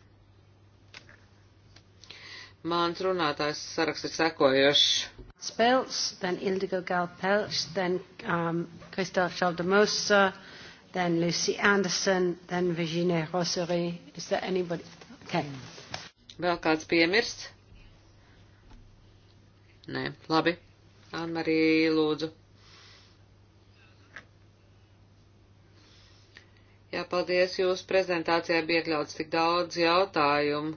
Mans runātājs saraksts ir sekojošs. Spels, then Ildigo Galpels, then um, Christophe Chaldemosa, then Lucy Anderson, then Virginie Rosary. Is there anybody? Okay. Vēl kāds piemirst? Nē, labi. Anmarī, lūdzu. Jā, paldies. Jūsu prezentācijā bija iekļauts tik daudz jautājumu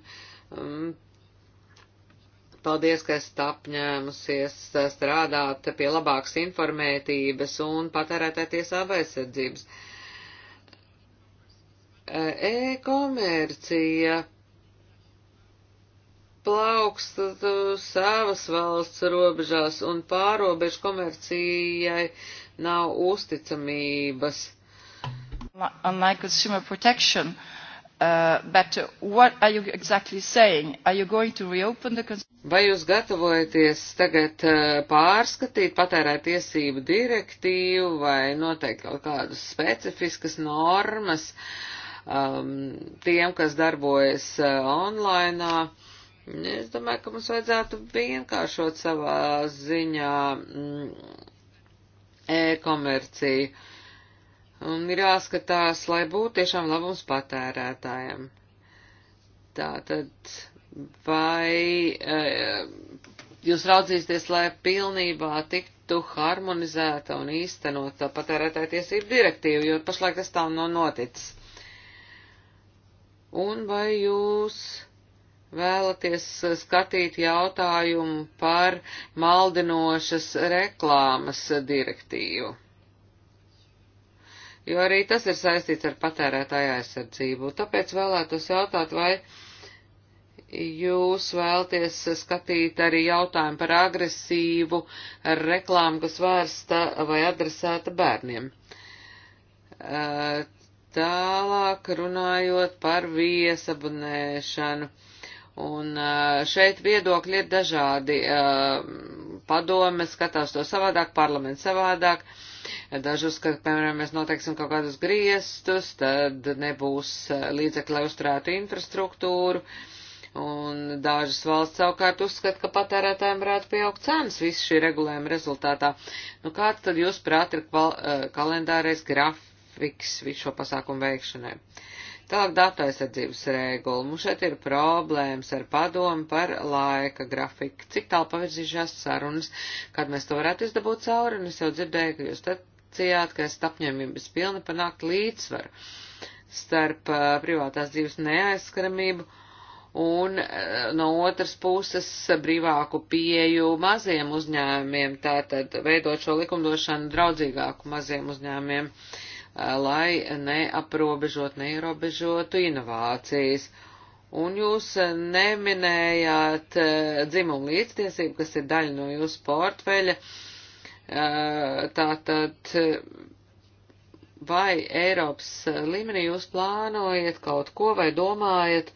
um, Paldies, ka esat apņēmusies strādāt pie labākas informētības un patērētāja tiesāba aizsardzības. E-komercija plaukst savas valsts robežās un pārobežu komercijai nav uzticamības. Unlike consumer protection, uh, Uh, but what are you exactly saying? Are you going to reopen the Vai jūs gatavojaties tagad uh, pārskatīt patērēt tiesību direktīvu vai noteikt kaut kādas specifiskas normas um, tiem, kas darbojas uh, online? Es domāju, ka mums vajadzētu vienkāršot savā ziņā mm, e-komerciju. Uh, Un ir jāskatās, lai būtu tiešām labums patērētājiem. Tātad, vai e, jūs raudzīsieties, lai pilnībā tiktu harmonizēta un īstenota patērētāja tiesību direktīva, jo pašlaik tas tā nav noticis? Un vai jūs vēlaties skatīt jautājumu par maldinošas reklāmas direktīvu? jo arī tas ir saistīts ar patērētāju aizsardzību. Tāpēc vēlētos jautāt, vai jūs vēlties skatīt arī jautājumu par agresīvu reklāmu, kas vērsta vai adresēta bērniem. Eh, tālāk runājot par viesabunēšanu. Un eh, šeit viedokļi ir dažādi. Eh, padome skatās to savādāk, parlaments savādāk. Uh, Daži uzskata, piemēram, mēs noteiksim kaut kādus griestus, tad nebūs līdzekļi, lai uzturētu infrastruktūru. Un dažas valsts savukārt uzskata, ka patērētājiem varētu pieaugt cenas visu šī regulējuma rezultātā. Nu, kāds tad jūs prāt ir kval, eh, kalendārais grafiks visu šo pasākumu veikšanai? Uh, Tālāk datu aizsardzības regula. Mums šeit ir problēmas ar padomu par laika grafiku. Cik tālu pavirzīšās sarunas, kad mēs to varētu izdabūt cauri, un es jau dzirdēju, ka jūs sacījāt, ka esat apņēmības pilni panākt līdzsvaru starp uh, privātās dzīves neaizskaramību un no otras puses brīvāku pieju maziem uzņēmumiem, tātad veidot šo likumdošanu draudzīgāku maziem uzņēmumiem. Uh, lai neaprobežot, neierobežotu inovācijas. Un jūs neminējāt eh, dzimumu līdztiesību, kas ir daļa no jūsu portfeļa. Eh, tātad, vai Eiropas līmenī jūs plānojat kaut ko vai domājat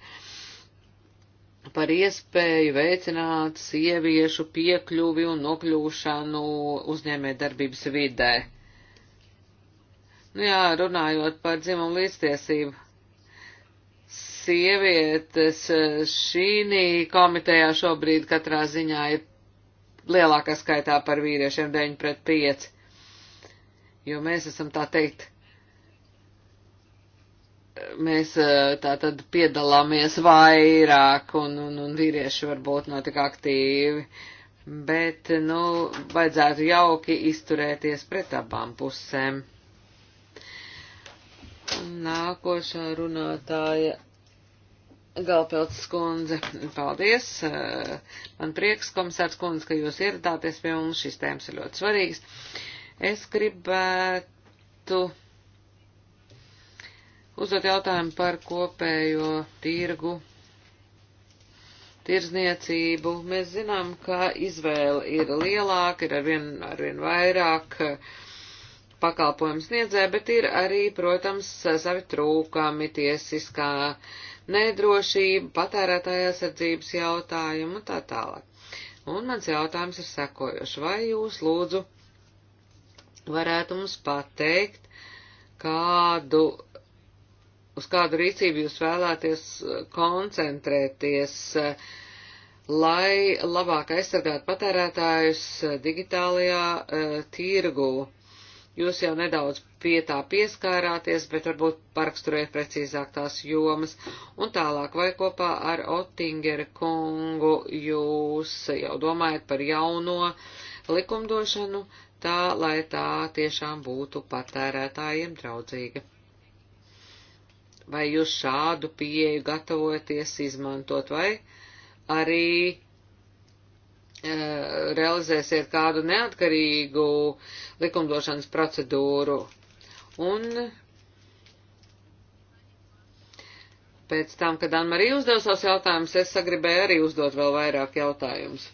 par iespēju veicināt sieviešu piekļuvi un nokļūšanu uzņēmē darbības vidē? Nu jā, runājot par dzimumu līdztiesību. Sievietes eh, šīnī komitejā šobrīd katrā ziņā ir lielākā skaitā par vīriešiem 9 pret 5, jo mēs esam tā teikt, mēs eh, tā tad piedalāmies vairāk un, un, un vīrieši varbūt nav tik aktīvi, bet, nu, vajadzētu jauki izturēties pret abām pusēm. Nākošā runātāja Galpelts kundze, paldies. Man prieks, komisārs kundze, ka jūs ieradāties pie mums. Šis tēmas ir ļoti svarīgs. Es gribētu uzdot jautājumu par kopējo tirgu, tirzniecību. Mēs zinām, ka izvēle ir lielāka, ir arvien, arvien vairāk. Uh, pakalpojumu sniedzēja, bet ir arī, protams, savi trūkami tiesiskā nedrošība, patērētāja aizsardzības jautājumu un tā tālāk. Un mans jautājums ir sekojoši. Vai jūs lūdzu varētu mums pateikt, kādu, uz kādu rīcību jūs vēlēties koncentrēties, lai labāk aizsargātu patērētājus digitālajā uh, eh, tirgū? Jūs jau nedaudz pie tā pieskārāties, bet varbūt paraksturēt precīzāk tās jomas. Un tālāk, vai kopā ar Otingera kungu jūs jau domājat par jauno likumdošanu, tā lai tā tiešām būtu patērētājiem draudzīga? Vai jūs šādu pieeju gatavojaties izmantot vai arī realizēsiet kādu neatkarīgu likumdošanas procedūru. Un pēc tam, kad Anna arī uzdev savus jautājumus, es sagribēju arī uzdot vēl vairāk jautājumus.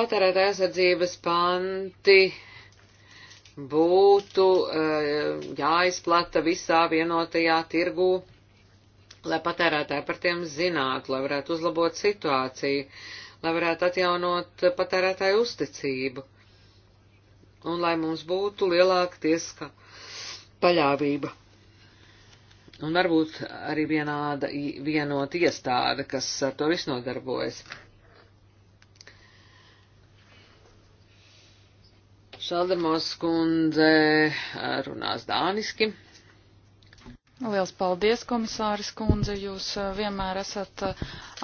Patērētāja aizsardzības panti būtu jāizplata visā vienotajā tirgū lai patērētāji par tiem zinātu, lai varētu uzlabot situāciju, lai varētu atjaunot patērētāju uzticību un lai mums būtu lielāka tiesiskā paļāvība. Un varbūt arī vienāda vienota iestāde, kas ar to visu nodarbojas. Šaldemos kundze runās dāniski. Liels paldies, komisāris kundze, jūs eh, vienmēr esat eh,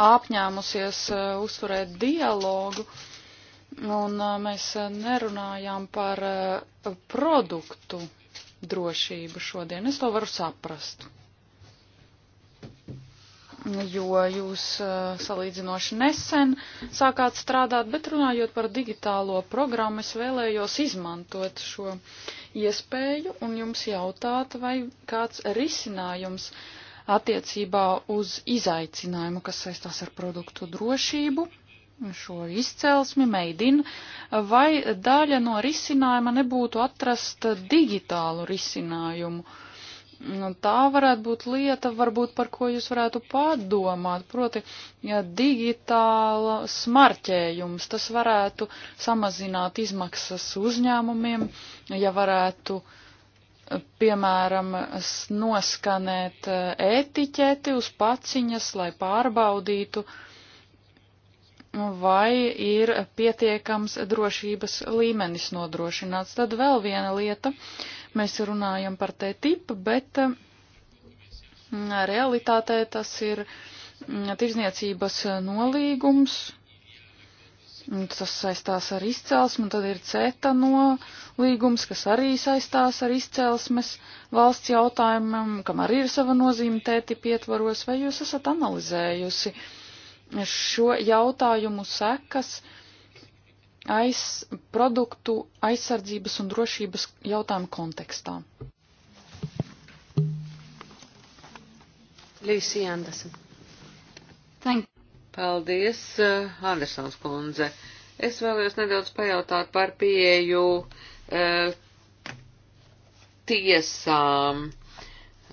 apņēmusies eh, uzturēt dialogu, un mēs nerunājām par produktu drošību šodien. Es to varu saprast, jo jūs salīdzinoši nesen sākāt strādāt, bet runājot par digitālo programmu, es vēlējos izmantot šo uh, iespēju un jums jautāt, vai kāds risinājums attiecībā uz izaicinājumu, kas saistās ar produktu drošību, šo izcelsmi, meidin, vai daļa no risinājuma nebūtu atrast digitālu risinājumu Nu, tā varētu būt lieta, varbūt par ko jūs varētu pārdomāt, proti ja digitāla smarķējums, tas varētu samazināt izmaksas uzņēmumiem, ja varētu, piemēram, noskanēt e-, etiķeti uz paciņas, lai pārbaudītu uh, vai ir pietiekams drošības līmenis nodrošināts. Tad vēl viena lieta. Mēs runājam par TTIP, bet mm, realitātē tas ir mm, tirzniecības nolīgums. Tas saistās ar izcelsmi, tad ir CETA no līgums, kas arī saistās ar izcelsmes valsts jautājumam, kam arī ir sava nozīme tēti pietvaros, vai jūs esat analizējusi uh, šo jautājumu sekas aiz produktu aizsardzības un drošības jautājumu kontekstā. Lucy Anderson. Thank. Paldies, uh, Andersons kundze. Es vēlējos nedaudz pajautāt par pieeju uh, tiesām. Uh,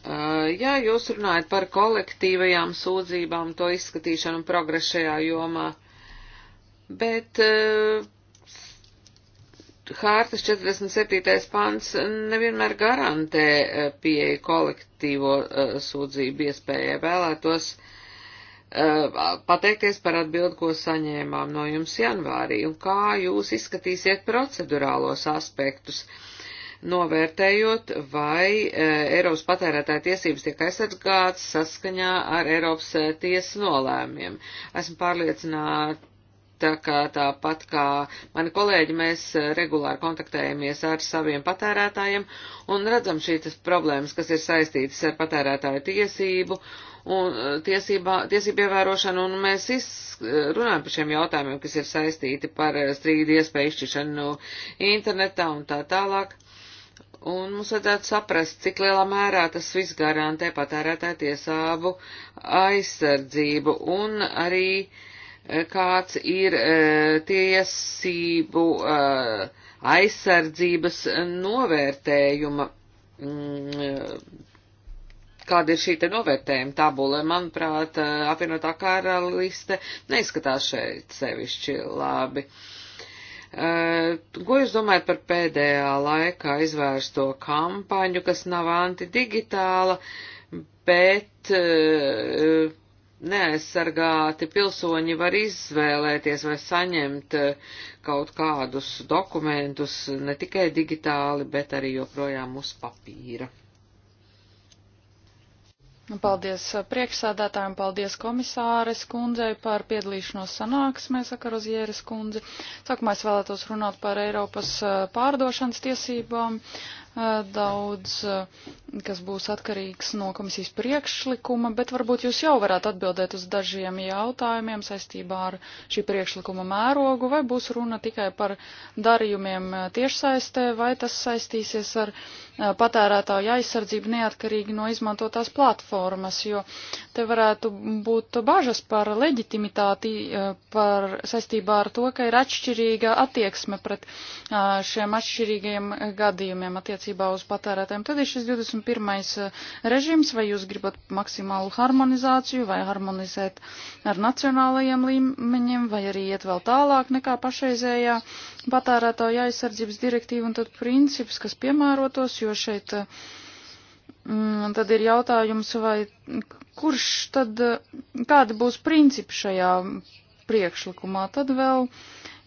Uh, ja jūs runājat par kolektīvajām sūdzībām, to izskatīšanu un progresu šajā jomā, bet uh, Hārtas 47. pants nevienmēr garantē uh, pieeja kolektīvo sūdzību iespējai. Vēlētos pateikties par atbildi, ko saņēmām no jums janvārī, un kā jūs izskatīsiet procedurālos aspektus. Uh, novērtējot, vai e, Eiropas patērētāja tiesības tiek aizsargātas saskaņā ar Eiropas e, tiesas nolēmiem. Esmu pārliecināta, ka tāpat kā mani kolēģi, mēs e, regulāri kontaktējamies ar saviem patērētājiem un redzam šīs problēmas, kas ir saistītas ar patērētāju tiesību un tiesībā, tiesību ievērošanu, un mēs iz, runājam par šiem jautājumiem, kas ir saistīti par strīdu iespēju izšķiršanu internetā un tā tālāk. Un mums vajadzētu saprast, cik lielā mērā tas viss garantē patērētāju tiesābu aizsardzību un arī e, kāds ir e, tiesību e, aizsardzības novērtējuma, mm, e, kāda ir šī te novērtējuma tabula. Manuprāt, e, apvienotā karaliste neizskatās šeit sevišķi labi. E, Eh, ko jūs domājat par pēdējā laikā izvērsto kampaņu, kas nav antidigitāla, bet eh, neaizsargāti pilsoņi var izvēlēties vai saņemt eh, kaut kādus dokumentus ne tikai digitāli, bet arī joprojām uz papīra? Nu, paldies uh, priekšsādātājiem, paldies komisāres kundzei par piedalīšanos sanāksmē, saka Rozieres kundze. Sākumā es vēlētos runāt par Eiropas uh, pārdošanas tiesībām. Uh, Eh, daudz, eh, kas būs atkarīgs no komisijas priekšlikuma, bet varbūt jūs jau varētu atbildēt uz dažiem jautājumiem saistībā ar šī priekšlikuma mērogu, vai būs runa tikai par darījumiem eh, tiešsaistē, vai tas saistīsies ar patērētāju aizsardzību neatkarīgi no izmantotās platformas, jo te varētu būt bažas par leģitimitāti eh, par saistībā ar to, ka ir atšķirīga attieksme pret eh, šiem atšķirīgiem gadījumiem attiecībā uz patērētājiem. Tad ir šis 21. Eh, režims, vai jūs gribat maksimālu harmonizāciju, vai harmonizēt ar nacionālajiem līmeņiem, vai arī iet vēl tālāk nekā pašreizējā patērētāja aizsardzības direktīva un tad princips, kas piemērotos, jo šeit uh, Un mm, tad ir jautājums, vai kurš tad, kāda būs principa šajā priekšlikumā. Tad vēl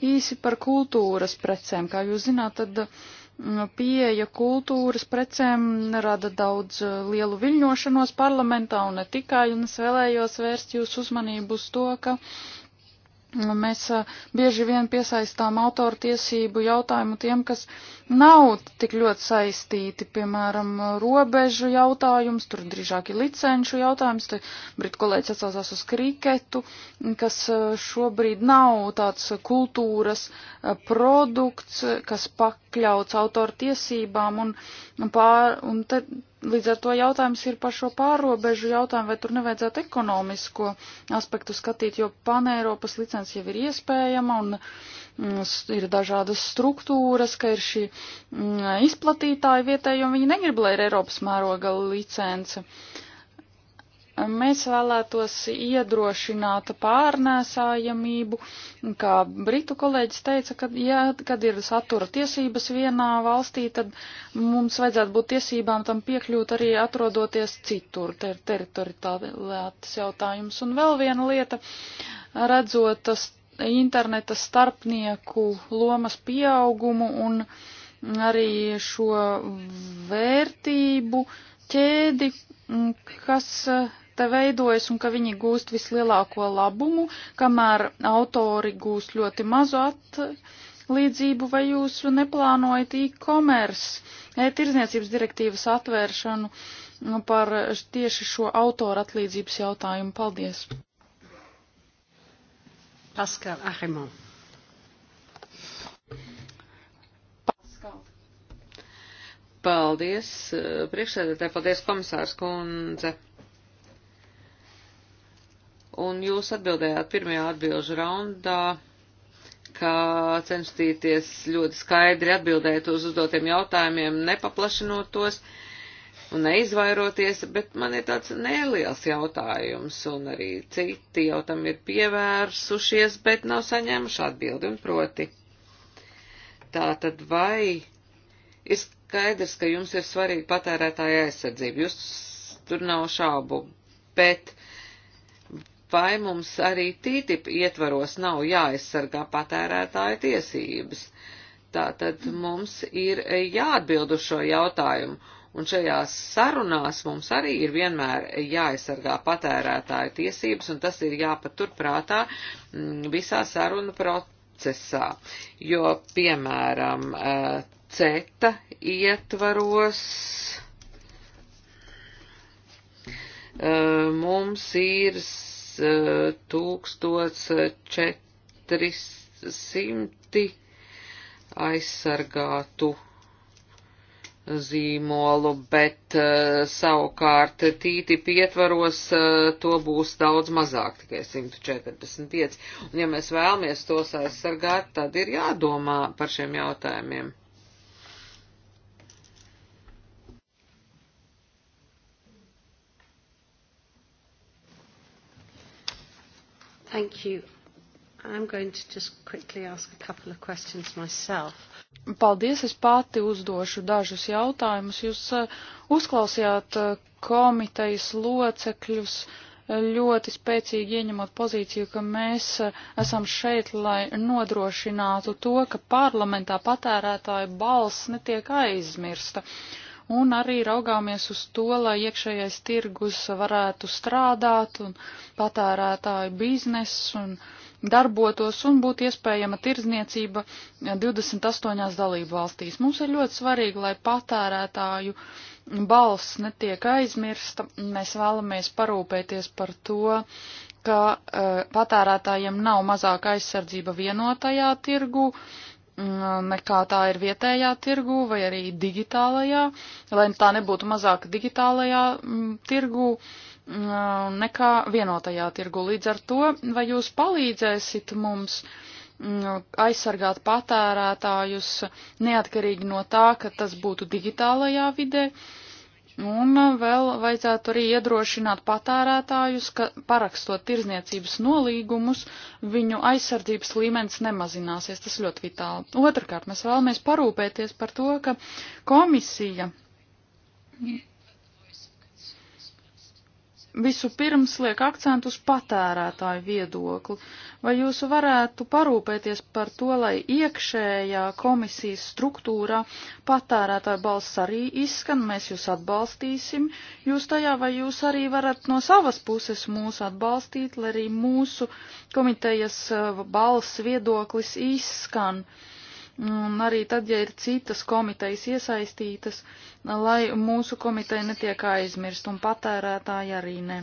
īsi par kultūras precēm. Kā jūs zināt, tad mm, pieeja kultūras precēm rada daudz eh, lielu viļņošanos parlamentā un ne tikai, un es vēlējos vērst jūsu uzmanību uz to, ka mm, mēs eh, bieži vien piesaistām autortiesību jautājumu tiem, kas uh, nav tik ļoti saistīti, piemēram, robežu jautājums, tur drīzāk ir licenšu jautājums, te brit kolēģis atsaucās uz kriketu, kas eh, šobrīd nav tāds kultūras eh, produkts, kas pakļauts autortiesībām un, pār, un te, līdz ar to jautājums ir par šo pārobežu jautājumu, vai tur nevajadzētu ekonomisko aspektu skatīt, jo paneiropas licence jau ir iespējama un Mm, ir dažādas struktūras, ka ir šī mm, izplatītāja vietēja, un viņi negrib, lai ir Eiropas mēroga licence. Mēs vēlētos iedrošināt pārnēsājamību, kā Britu kolēģis teica, ka, ja, kad ir satura tiesības vienā valstī, tad mums vajadzētu būt tiesībām tam piekļūt arī atrodoties citur, ter teritoritātes jautājums. Un vēl viena lieta, redzot tas interneta starpnieku lomas pieaugumu un arī šo vērtību ķēdi, mm, kas eh, te veidojas un ka viņi gūst vislielāko labumu, kamēr autori gūst ļoti mazu atlīdzību, vai jūs neplānojat e-commerce, e-tirzniecības direktīvas atvēršanu par tieši šo autoru atlīdzības jautājumu. Paldies! Pascal Arimont. Pascal. Paldies, eh, priekšsēdētāji, paldies, komisārs kundze. Un jūs atbildējāt pirmajā atbilžu raundā, ka censtīties ļoti skaidri atbildēt uz uzdotiem jautājumiem, nepaplašinot tos. Uh, un neizvairoties, bet man ir tāds neliels jautājums, un arī citi jau tam ir pievērsušies, bet nav saņēmuši atbildi un proti. Tā tad vai ir skaidrs, ka jums ir svarīga patērētāja aizsardzība, jūs tur nav šaubu, bet vai mums arī TTIP ietvaros nav jāaizsargā patērētāja tiesības? Tātad mums ir jāatbild uz šo jautājumu, Un šajās sarunās mums arī ir vienmēr jāaizsargā patērētāju tiesības, un tas ir jāpatur prātā mm, visā sarunu procesā. Jo, piemēram, eh, CETA ietvaros eh, mums ir 1400 eh, aizsargātu zīmolu, bet uh, savukārt tīti pietvaros uh, eh, to būs daudz mazāk, tikai 145. Un ja mēs vēlamies tos aizsargāt, tad ir jādomā par šiem jautājumiem. Thank you. I'm going to just quickly ask a couple of questions myself. Paldies, es pati uzdošu dažus jautājumus. Jūs eh, uzklausījāt eh, komitejas locekļus eh, ļoti spēcīgi ieņemot pozīciju, ka mēs esam šeit, lai nodrošinātu to, ka parlamentā patērētāja balss netiek aizmirsta. Un arī raugāmies uz to, lai iekšējais tirgus varētu strādāt un patērētāju biznesu un uh, darbotos un būtu iespējama tirzniecība 28 eh, dalību valstīs. Mums ir ļoti svarīgi, lai patērētāju balss netiek aizmirsta. Mēs vēlamies parūpēties par to, ka uh, patērētājiem nav mazāka aizsardzība vienotajā tirgu mm, nekā tā ir vietējā tirgu vai arī digitālajā, lai tā nebūtu mazāka digitālajā m, mm, tirgu, nekā vienotajā tirgu. Līdz ar to, vai jūs palīdzēsit mums aizsargāt patērētājus neatkarīgi no tā, ka tas būtu digitālajā vidē? Un vēl vajadzētu arī iedrošināt patērētājus, ka parakstot tirzniecības nolīgumus, viņu aizsardzības līmenis nemazināsies. Tas ļoti vitāli. Otrakārt, mēs vēlamies parūpēties par to, ka komisija visu pirms liek akcentu uz patērētāju viedokli. Vai jūs varētu parūpēties par to, lai iekšējā komisijas struktūrā patērētāju balss arī izskan, mēs jūs atbalstīsim, jūs tajā vai jūs arī varat no savas puses mūs atbalstīt, lai arī mūsu komitejas eh, balss viedoklis izskan. Uh, un arī tad, ja ir citas komitejas iesaistītas, lai mūsu komiteja netiek aizmirst un patērētāji arī ne.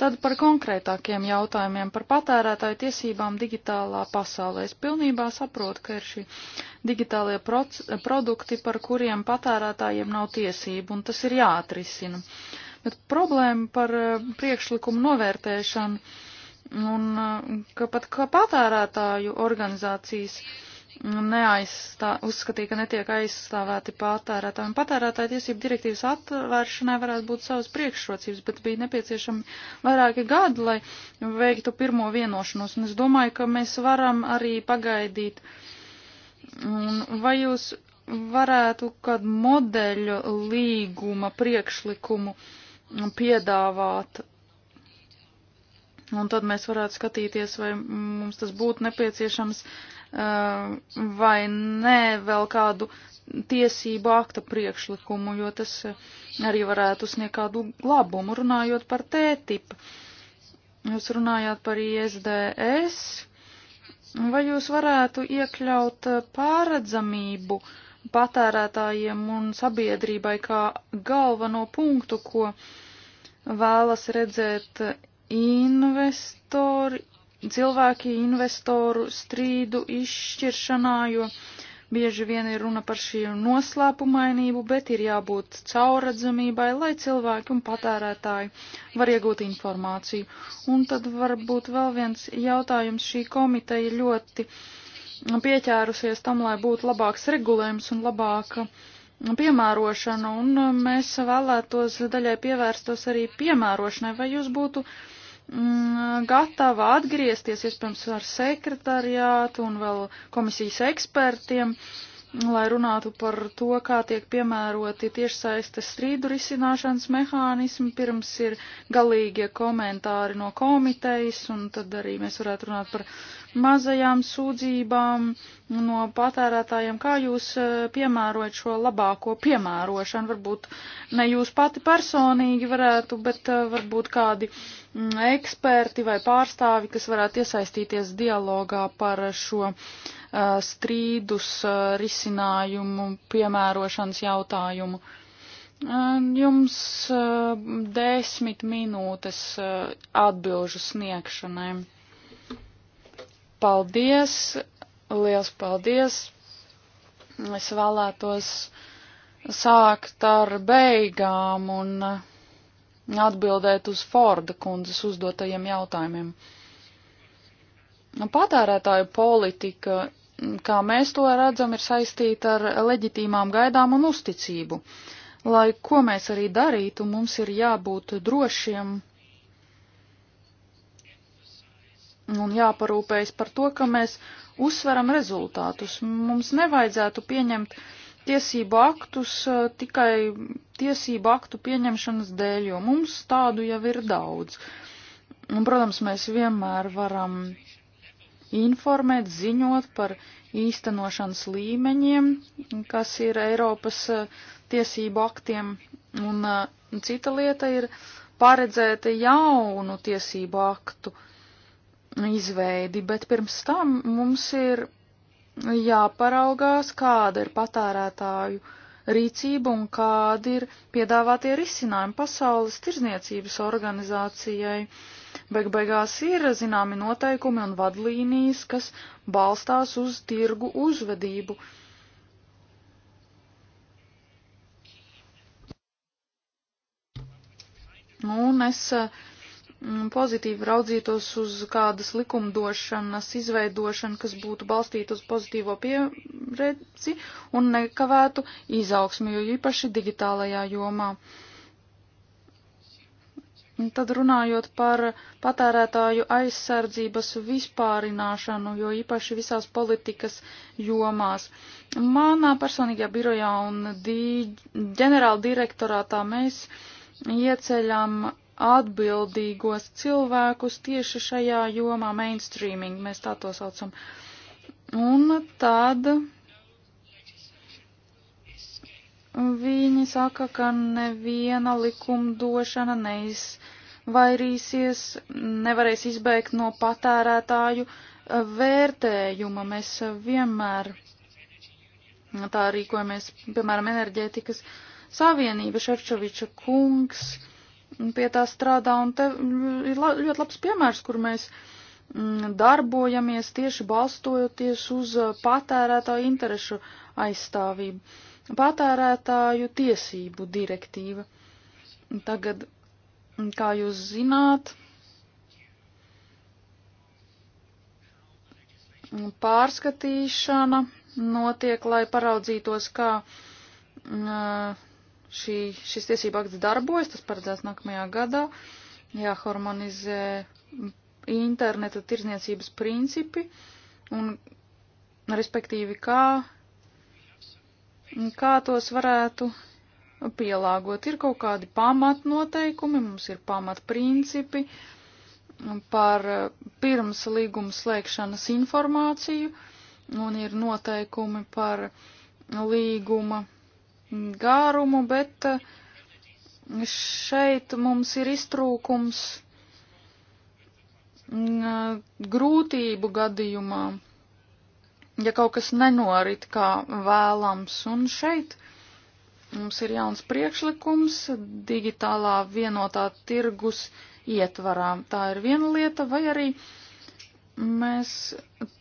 Tad par konkrētākiem jautājumiem par patērētāju tiesībām digitālā pasaulē. Es pilnībā saprotu, ka ir šī digitālie produkti, par kuriem patērētājiem nav tiesību, un tas ir jāatrisina. Bet problēma par eh, priekšlikumu novērtēšanu un eh, ka pat kā patērētāju organizācijas uh, neaizstā, uzskatīja, ka netiek aizstāvēti patērētāji. Patērētāja tiesību direktīvas atvēršanai varētu būt savas priekšrocības, bet bija nepieciešami vairāki gadi, lai veiktu pirmo vienošanos. Un es domāju, ka mēs varam arī pagaidīt. Un vai jūs varētu kādu modeļu līguma priekšlikumu piedāvāt Un tad mēs varētu skatīties, vai mums tas būtu nepieciešams Uh, vai nē vēl kādu tiesību akta priekšlikumu, jo tas uh, arī varētu sniegt kādu labumu. Runājot par tētipu, jūs runājāt par ISDS, vai jūs varētu iekļaut uh, pāredzamību patērētājiem un sabiedrībai kā galveno punktu, ko vēlas redzēt investori cilvēki investoru strīdu izšķiršanā, jo bieži vien ir runa par šī noslēpumainību, bet ir jābūt cauradzamībai, lai cilvēki un patērētāji var iegūt informāciju. Un tad varbūt vēl viens jautājums šī komiteja ļoti pieķērusies tam, lai būtu labāks regulējums un labāka piemērošana, un uh, mēs vēlētos daļai pievērstos arī piemērošanai, vai jūs būtu uh, Mm, gatava atgriezties, iespējams, ar sekretariātu un vēl komisijas ekspertiem, lai runātu par to, kā tiek piemēroti tiešsaistes strīdu risināšanas mehānismi. Pirms ir galīgie komentāri no komitejas, un tad arī mēs varētu runāt par mazajām sūdzībām no patērētājiem. Kā jūs eh, piemērojat šo labāko piemērošanu? Varbūt ne jūs pati personīgi varētu, bet eh, varbūt kādi mm, eksperti vai pārstāvi, kas varētu iesaistīties dialogā par šo eh, strīdus risinājumu, piemērošanas jautājumu. Jums desmit minūtes atbilžu sniegšanai. Paldies! Liels paldies! Es vēlētos sākt ar beigām un atbildēt uz Forda kundzes uzdotajiem jautājumiem. Patērētāju politika, kā mēs to redzam, ir saistīta ar leģitīmām gaidām un uzticību. Lai ko mēs arī darītu, mums ir jābūt drošiem un jāparūpējas par to, ka mēs uzsveram rezultātus. Mums nevajadzētu pieņemt tiesību aktus uh, tikai tiesību aktu pieņemšanas dēļ, jo mums tādu jau ir daudz. Un, protams, mēs vienmēr varam informēt, ziņot par īstenošanas līmeņiem, kas ir Eiropas uh, tiesību aktiem, un uh, cita lieta ir paredzēt jaunu tiesību aktu uh, izveidi, bet pirms tam mums ir jāparaugās, kāda ir patērētāju rīcība un kādi ir piedāvātie risinājumi pasaules tirzniecības organizācijai. Beig beigās ir zināmi noteikumi un vadlīnijas, kas balstās uz tirgu uzvedību. Un es uh, Mm, pozitīvi raudzītos uz kādas likumdošanas izveidošanu, kas būtu balstīta uz pozitīvo pieredzi un nekavētu izaugsmi, jo īpaši digitālajā jomā. Un tad runājot par patērētāju aizsardzības vispārināšanu, jo īpaši visās politikas jomās. Manā personīgajā birojā un ģenerāla direktorātā mēs ieceļam atbildīgos cilvēkus tieši šajā jomā mainstreaming, mēs tā to saucam. Un tad viņi saka, ka neviena likumdošana neizvairīsies, nevarēs izbēgt no patērētāju vērtējuma. Mēs vienmēr tā rīkojamies, piemēram, enerģētikas savienība Šefčoviča kungs pie tā strādā, un te ir la, ļoti labs piemērs, kur mēs mm, darbojamies tieši balstoties uz uh, patērētāju interešu aizstāvību. Patērētāju tiesību direktīva. Tagad, mm, kā jūs zināt, mm, pārskatīšana notiek, lai paraudzītos, kā uh, šī, šis tiesība akts darbojas, tas paredzēts nākamajā gadā, jāharmonizē interneta tirzniecības principi un, respektīvi, kā, kā tos varētu pielāgot. Ir kaut kādi pamatnoteikumi, mums ir pamatprincipi par pirms līguma slēgšanas informāciju un ir noteikumi par līguma gārumu, bet eh, šeit mums ir iztrūkums eh, grūtību gadījumā, ja kaut kas nenorit kā vēlams. Un šeit mums ir jauns priekšlikums digitālā vienotā tirgus ietvarā. Tā ir viena lieta, vai arī uh, mēs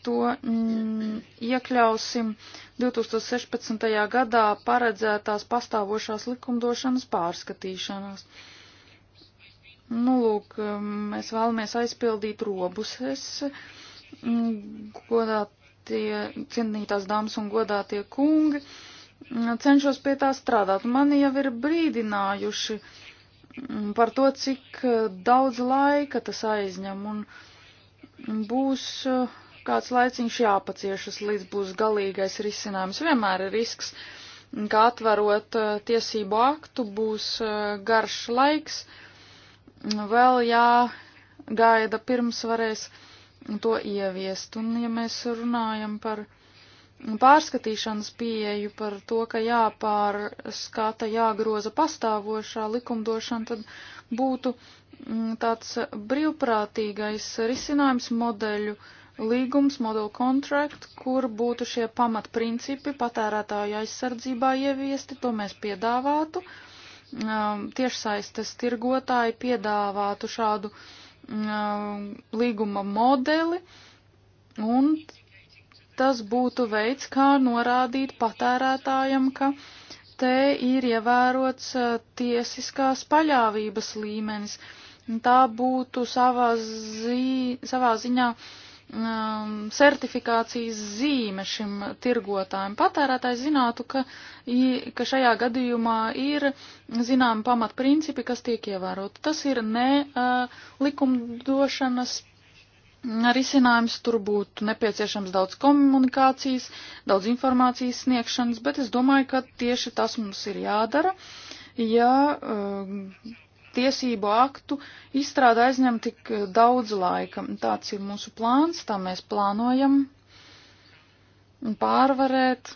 to mm, iekļausim 2016. gadā paredzētās pastāvošās likumdošanas pārskatīšanās. Nu, lūk, mm, mēs vēlamies aizpildīt robus. Es mm, godā tie cienītās dāmas un godā tie kungi cenšos pie tā strādāt. Mani jau ir brīdinājuši par to, cik eh, daudz laika tas aizņem. Un, uh, būs eh, kāds laiciņš jāpaciešas, līdz būs galīgais risinājums. Vienmēr ir risks, mm, ka atvarot eh, tiesību aktu būs eh, garš laiks, mm, vēl jāgaida pirms varēs mm, to ieviest. Un ja mēs runājam par pārskatīšanas pieeju par to, ka jāpārskata, jāgroza pastāvošā likumdošana, tad būtu Mm, tāds brīvprātīgais risinājums modeļu līgums, model contract, kur būtu šie pamatprincipi patērētāju aizsardzībā ieviesti, to mēs piedāvātu. Mm, tiešsaistes tirgotāji piedāvātu šādu mm, līguma modeli, un tas būtu veids, kā norādīt patērētājam, ka te ir ievērots eh, tiesiskās paļāvības līmenis. Uh, tā būtu savā, zi, savā ziņā um, certifikācijas zīme šim tirgotājiem. Patērētājs zinātu, ka, i, ka šajā gadījumā ir zinām pamatprincipi, kas tiek ievēroti. Tas ir ne uh, likumdošanas risinājums tur būtu nepieciešams daudz komunikācijas, daudz informācijas sniegšanas, bet es domāju, ka tieši tas mums ir jādara, ja uh, tiesību aktu izstrāda aizņem tik eh, daudz laika. Tāds ir mūsu plāns, tā mēs plānojam pārvarēt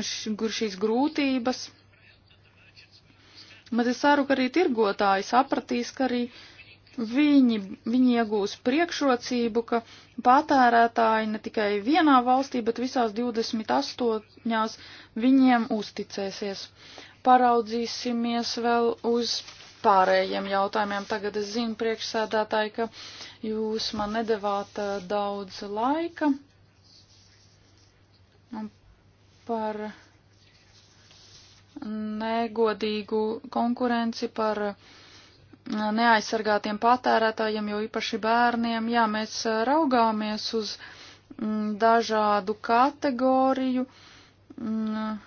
šīs grūtības. Bet es ceru, ka arī tirgotāji sapratīs, ka arī uh, viņi, viņi iegūs priekšrocību, ka patērētāji ne tikai vienā valstī, bet visās 28 viņiem uzticēsies. Paraudzīsimies vēl uz pārējiem jautājumiem. Tagad es zinu, priekšsēdētāji, ka jūs man nedavāt daudz laika. Un par negodīgu konkurenci, par uh, neaizsargātiem patērētājiem, jo īpaši bērniem, jā, mēs raugāmies uz mm, dažādu kategoriju mm,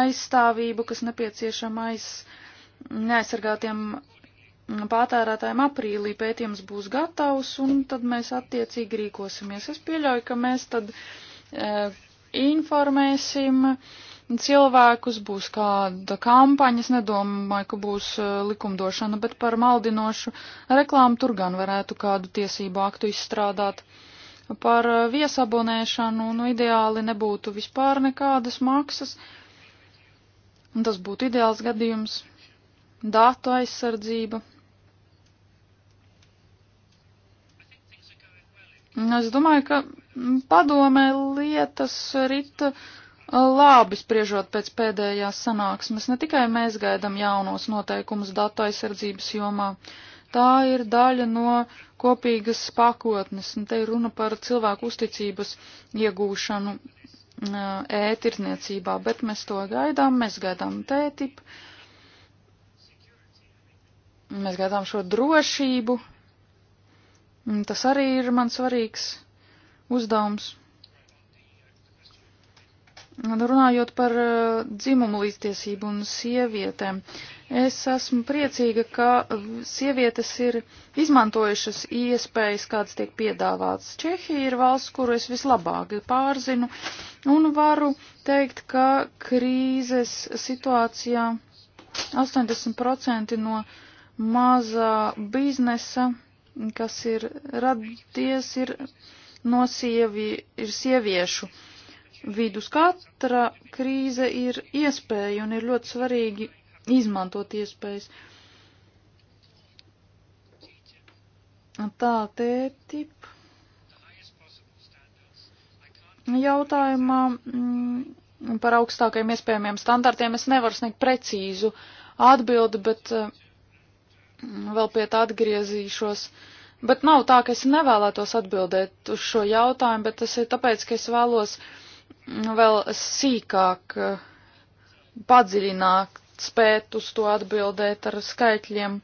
aizstāvību, kas nepieciešama aiz neaizsargātiem mm, patērētājiem aprīlī pētījums būs gatavs, un tad mēs attiecīgi rīkosimies. Es pieļauju, ka mēs tad e, informēsim uh, cilvēkus, būs kāda kampaņa, es nedomāju, ka būs eh, likumdošana, bet par maldinošu reklāmu tur gan varētu kādu tiesību aktu izstrādāt. Par eh, viesabonēšanu, nu, ideāli nebūtu vispār nekādas maksas, un tas būtu ideāls gadījums. Dātu aizsardzība. Es domāju, ka mm, padomē lietas rita labi spriežot pēc pēdējās sanāksmes. Ne tikai mēs gaidām jaunos noteikumus datu aizsardzības jomā, tā ir daļa no kopīgas pakotnes, un te ir runa par cilvēku uzticības iegūšanu ētirniecībā, e bet mēs to gaidām, mēs gaidām tētipu, mēs gaidām šo drošību, tas arī ir man svarīgs uzdevums. Runājot par e, dzimumu līdztiesību un sievietēm, es esmu priecīga, ka e, sievietes ir izmantojušas iespējas, kādas tiek piedāvātas. Čehija ir valsts, kuru es vislabāk pārzinu, un varu teikt, ka krīzes situācijā 80% no mazā biznesa, kas ir radies, ir no sievi, ir sieviešu vidus. Katra krīze ir iespēja un ir ļoti svarīgi izmantot iespējas. Tā, tētip. Jautājumā mm, par augstākajiem iespējamiem standartiem es nevaru sniegt precīzu atbildi, bet mm, vēl pie tā atgriezīšos. Bet nav tā, ka es nevēlētos atbildēt uz šo jautājumu, bet tas ir tāpēc, ka es vēlos uh, Nu, vēl sīkāk padziļināt, spēt uz to atbildēt ar skaitļiem.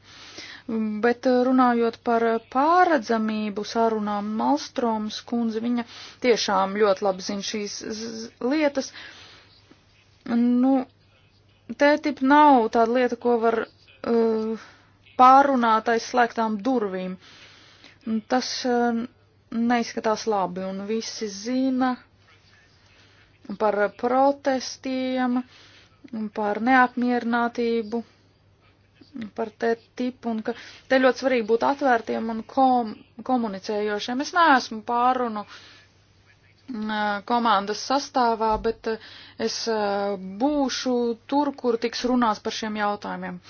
Bet runājot par pāredzamību sarunām, Malstroms kundze, viņa tiešām ļoti labi zina šīs lietas. Nu, tētip nav tāda lieta, ko var uh, pārunāt aiz slēgtām durvīm. Tas uh, neizskatās labi, un visi zina, par protestiem, par neapmierinātību, par te tipu, un ka te ļoti svarīgi būt atvērtiem un kom komunicējošiem. Es neesmu pārunu komandas sastāvā, bet es būšu tur, kur tiks runās par šiem jautājumiem.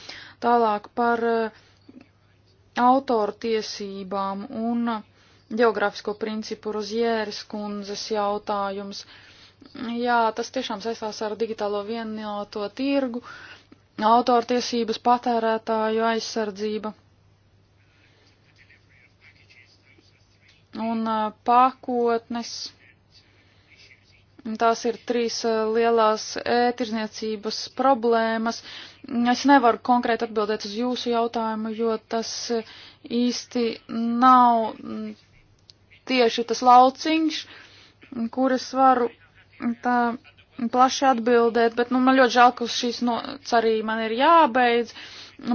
Tālāk par autoru tiesībām un geogrāfisko principu Rozjēras kundzes jautājums. Uh, Jā, tas tiešām saistās ar digitālo vienoto tirgu, autortiesības, patērētāju aizsardzība. Un pakotnes. Tās ir trīs lielās ētirzniecības e problēmas. Es nevaru konkrēti atbildēt uz jūsu jautājumu, jo tas īsti nav tieši tas lauciņš, kur es varu tā plaši atbildēt, bet nu, man ļoti žēl, ka šīs nots arī man ir jābeidz,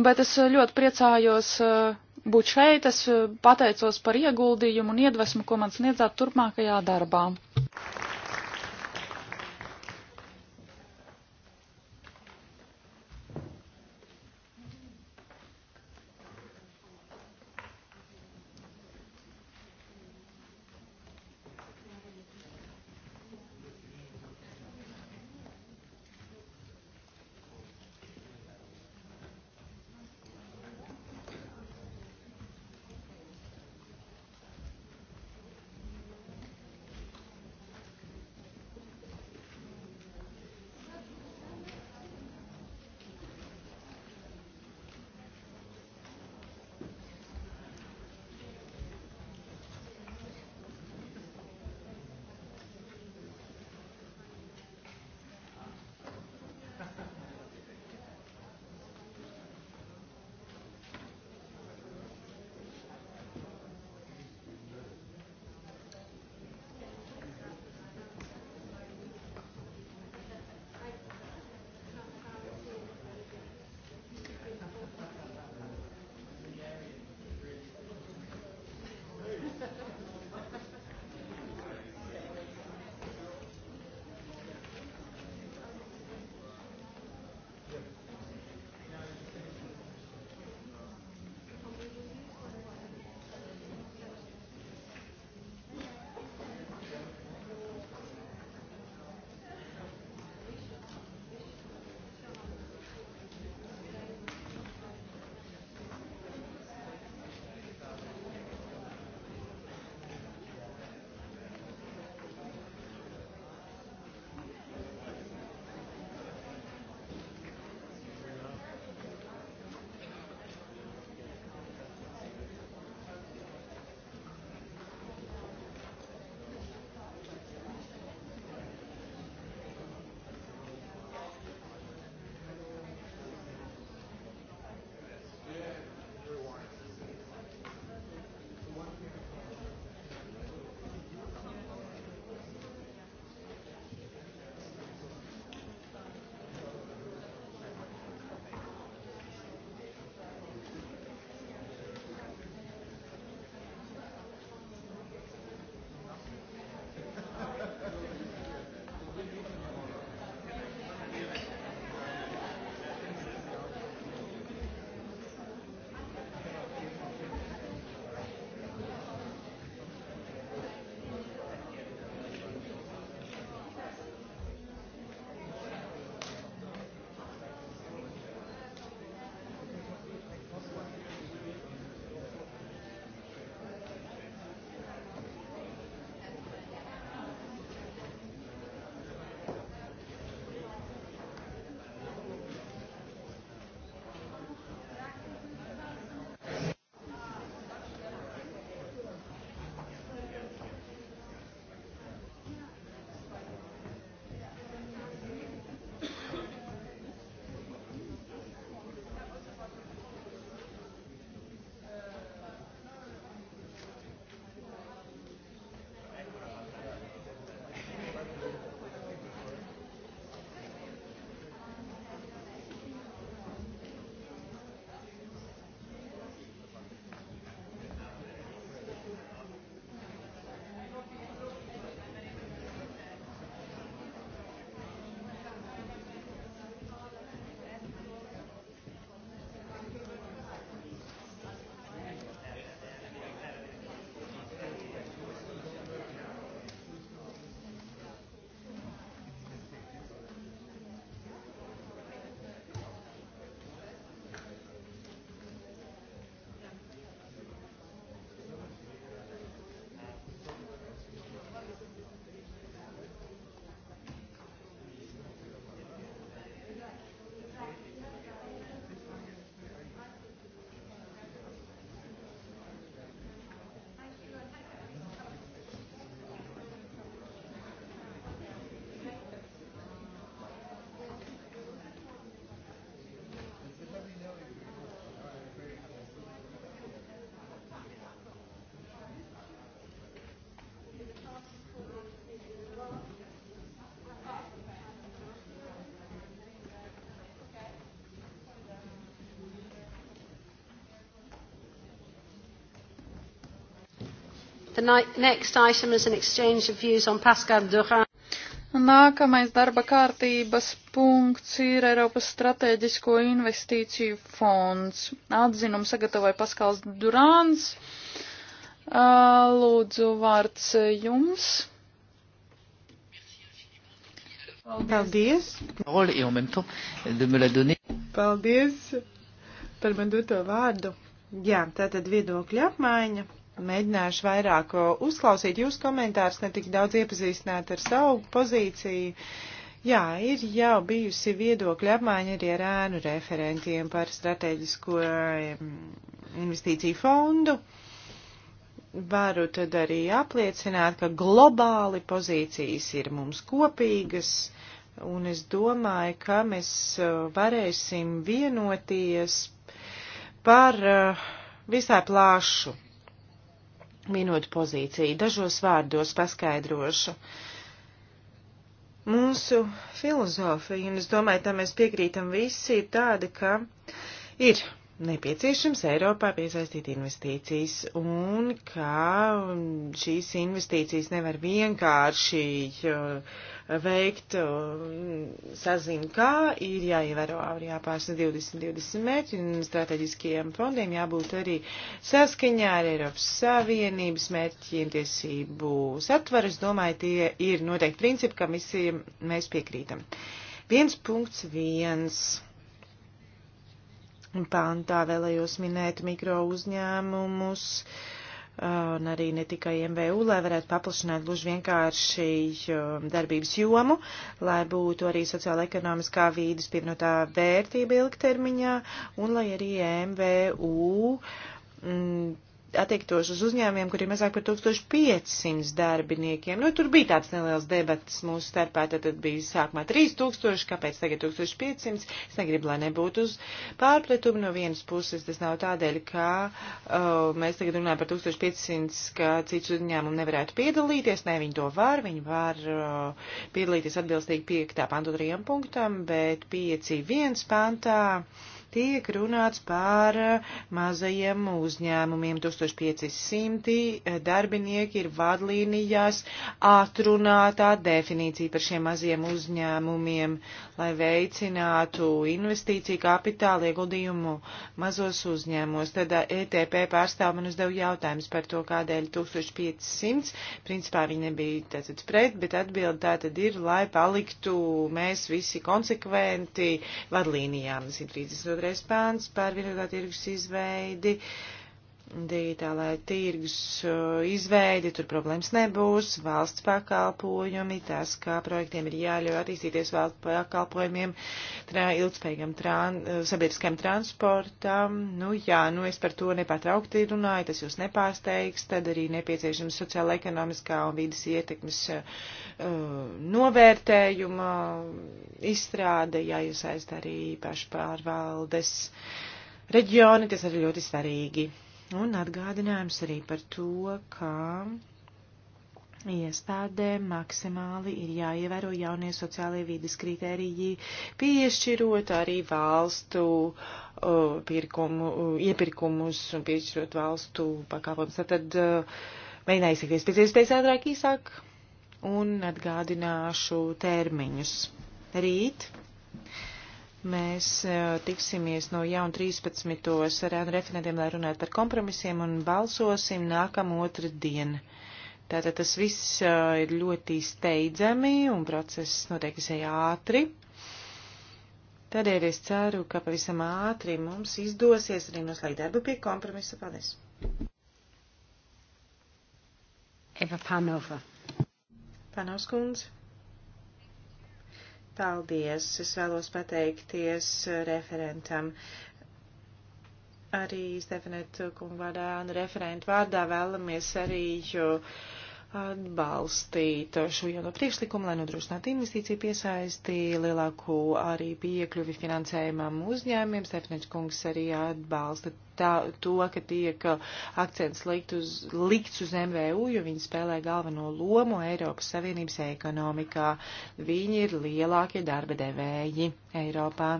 bet es ļoti priecājos uh, būt šeit, es uh, pateicos par ieguldījumu un iedvesmu, ko man sniedzāt turpmākajā darbā. The next item is an exchange of views on Pascal Durand. Nākamais darba kārtības punkts ir Eiropas strateģisko investīciju fonds. Atzinumu sagatavoja Paskals Durāns. Lūdzu, vārds jums. Paldies. Paldies par man doto vārdu. Jā, tātad viedokļa apmaiņa. Mēģināšu vairāk uzklausīt jūsu komentārus, ne tik daudz iepazīstināt ar savu pozīciju. Jā, ir jau bijusi viedokļa apmaiņa arī ar ēnu referentiem par strateģisko investīciju fondu. Varu tad arī apliecināt, ka globāli pozīcijas ir mums kopīgas, un es domāju, ka mēs varēsim vienoties par visai plāšu vienotu pozīciju. Dažos vārdos paskaidrošu. Mūsu filozofija, un es domāju, tā mēs piekrītam visi, ir tāda, ka ir nepieciešams Eiropā piesaistīt investīcijas un ka šīs investīcijas nevar vienkārši uh, veikt uh, saziņu, kā ir jāievēro arī jāpārsniedz 2020 mērķi un strateģiskajiem fondiem jābūt arī saskaņā ar Eiropas Savienības mērķiem tiesību satvaru. Es domāju, tie ir noteikti principi, kam visiem mēs piekrītam. 1.1 pāntā vēlējos minēt mikro uzņēmumus un arī ne tikai MVU, lai varētu paplašināt gluži vienkārši um, darbības jomu, lai būtu arī sociāla ekonomiskā vīdes pievienotā vērtība ilgtermiņā un lai arī MVU. Mm, attiektos uz uzņēmiem, kuriem mazāk par 1500 darbiniekiem. Nu, tur bija tāds neliels debats mūsu starpā, tad, tad bija sākumā 3000, kāpēc tagad 1500. Es negribu, lai nebūtu uz pārplitumu no vienas puses. Tas nav tādēļ, ka uh, mēs tagad runājam par 1500, ka cits uzņēmumu nevarētu piedalīties. Nē, viņi to var, viņi var uh, piedalīties atbilstīgi 5. pantu 3. punktam, bet 5.1. pantā. Uh, tiek runāts par eh, mazajiem uzņēmumiem. 1500 eh, darbinieki ir vadlīnijās atrunātā definīcija par šiem maziem uzņēmumiem, lai veicinātu investīciju kapitāla ieguldījumu mazos uzņēmumos. Tad ETP eh, e pārstāv man uzdev jautājums par to, kādēļ 1500. Principā viņi nebija tātad pret, bet atbildi tātad ir, lai paliktu mēs visi konsekventi vadlīnijām 130 otrais pāns par vienotā tirgus izveidi digitālai tirgus uh, izveidi, tur problēmas nebūs, valsts pakalpojumi, tas, kā projektiem ir jāļauj attīstīties valsts pakalpojumiem, trā, ilgspējīgam tran, uh, sabiedriskajam transportam. Nu jā, nu es par to nepatraukti runāju, tas jūs nepārsteigs, tad arī nepieciešams sociāla ekonomiskā un vidas ietekmes uh, novērtējuma izstrāde, jā, jūs aizst arī pašpārvaldes reģioni, tas arī ļoti svarīgi. Un atgādinājums arī par to, ka iestādēm maksimāli ir jāievēro jaunie sociālie vīdes kritēriji, piešķirot arī valstu uh, pirkumu, uh, iepirkumus un piešķirot valstu pakāpojumus. Tad uh, mēģināju izsakies pēc iespējas ātrāk īsāk un atgādināšu termiņus. Rīt Mēs e, tiksimies no jauna 13. ar referentiem, lai runātu par kompromisiem un balsosim nākamā otra diena. Tātad tas viss e, ir ļoti steidzami un process notiek visai ātri. Tādēļ es ceru, ka pavisam ātri mums izdosies arī noslēgt darbu pie kompromisa. Paldies! Eva Panova. Panovskundze. Paldies! Es vēlos pateikties eh, referentam. Arī Stefanet kungu vārdā un nu, referentu vārdā vēlamies arī. Jo, uh, atbalstīt šo jauno priekšlikumu, lai nodrošinātu investīciju piesaisti, lielāku arī piekļuvi finansējumam uzņēmiem. Stefaniņš kungs arī atbalsta tā, to, ka tiek akcents likt uz, likts uz MVU, jo viņi spēlē galveno lomu Eiropas Savienības ekonomikā. Viņi ir lielākie darba devēji Eiropā.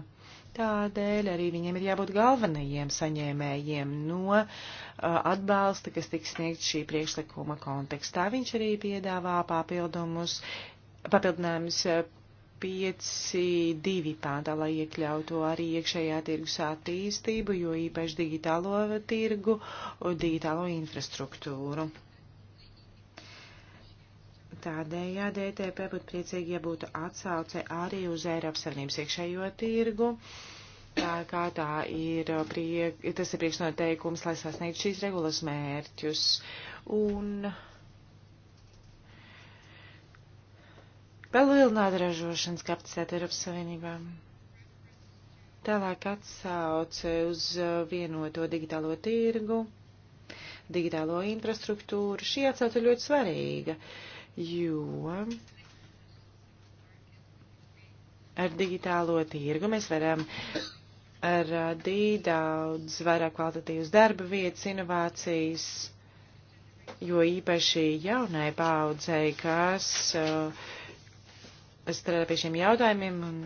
Tādēļ arī viņiem ir jābūt galvenajiem saņēmējiem no uh, atbalsta, kas tiks sniegts šī priekšlikuma kontekstā. Viņš arī piedāvā papildumus, papildinājumus 5.2. Uh, pāntā, lai iekļautu arī iekšējā tirgus attīstību, jo īpaši digitālo tirgu, digitālo infrastruktūru. Tādējādi ETP būtu priecīgi, ja būtu atsauce arī uz Eiropas Savienības iekšējo tirgu. Tā kā tā ir, priek, tas ir priekšnoteikums, lai sasniegtu šīs regulas mērķus. Un palielināt ražošanas kapacitāti Eiropas Savienībā. Tālāk atsauce uz vienoto digitālo tirgu, digitālo infrastruktūru. Šī atsauce ļoti svarīga. Uh, jo ar digitālo tirgu mēs varam radīt daudz vairāk kvalitatīvas darba vietas, inovācijas, jo īpaši jaunai paudzei, kas uh, strādā pie šiem jautājumiem un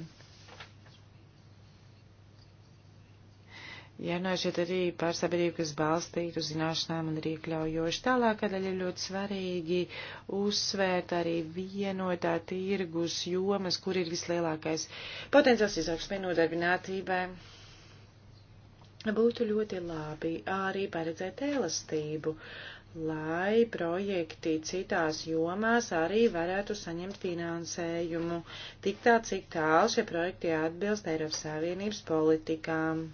Jārunājušiet nu arī par sabiedrību, kas balstītu uz zināšanām un ir iekļaujoši. Tālāk, kādēļ ir ļoti svarīgi uzsvērt arī vienotā tirgus jomas, kur ir vislielākais potenciāls izaugsmē nodarbinātībai. Būtu ļoti labi arī paredzēt elastību, lai projekti citās jomās arī varētu saņemt finansējumu, tik tā, cik tālu šie projekti atbilst Eiropas Savienības politikām.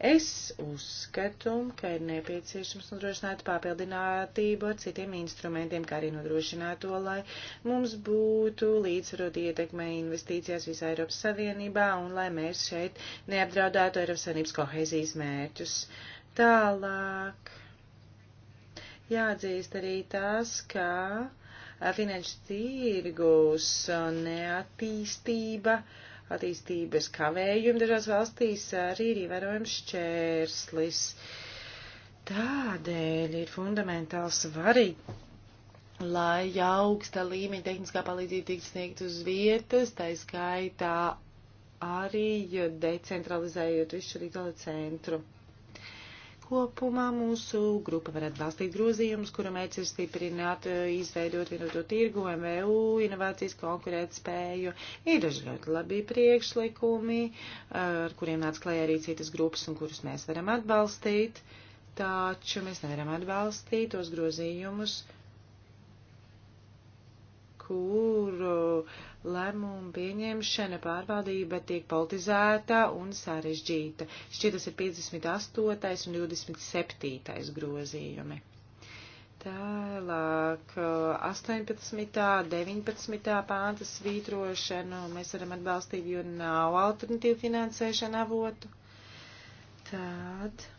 Es uzskatu, ka ir nepieciešams nodrošināt papildinātību ar citiem instrumentiem, kā arī nodrošināt to, lai mums būtu līdzsvarot ietekme investīcijās visā Eiropas Savienībā un lai mēs šeit neapdraudētu Eiropas Savienības kohēzijas mērķus. Tālāk jāatzīst arī tas, ka finanšu tirgus neattīstība uh, attīstības kavējumi dažās valstīs arī ir ievērojams šķērslis. Tādēļ ir fundamentāli svarīgi, lai augsta līmeņa tehniskā palīdzība tiktu sniegt uz vietas, tā skaitā arī decentralizējot visu šo rītdala centru. Kopumā mūsu grupa var atbalstīt grozījumus, kura mērķis ir stiprināt, eh, izveidot vienoto tirgu, MVU, inovācijas konkurētspēju. Ir daži ļoti labi priekšlikumi, eh, ar kuriem nāc klajā arī citas grupas un kurus mēs varam atbalstīt, taču mēs nevaram atbalstīt tos grozījumus, kuru lēmumu pieņemšana, pārvaldība tiek politizēta un sarežģīta. Šķiet, tas ir 58. un 27. grozījumi. Tālāk, 18. 19. pānta svītrošanu mēs varam atbalstīt, jo nav alternatīvu finansēšana avotu. Tāda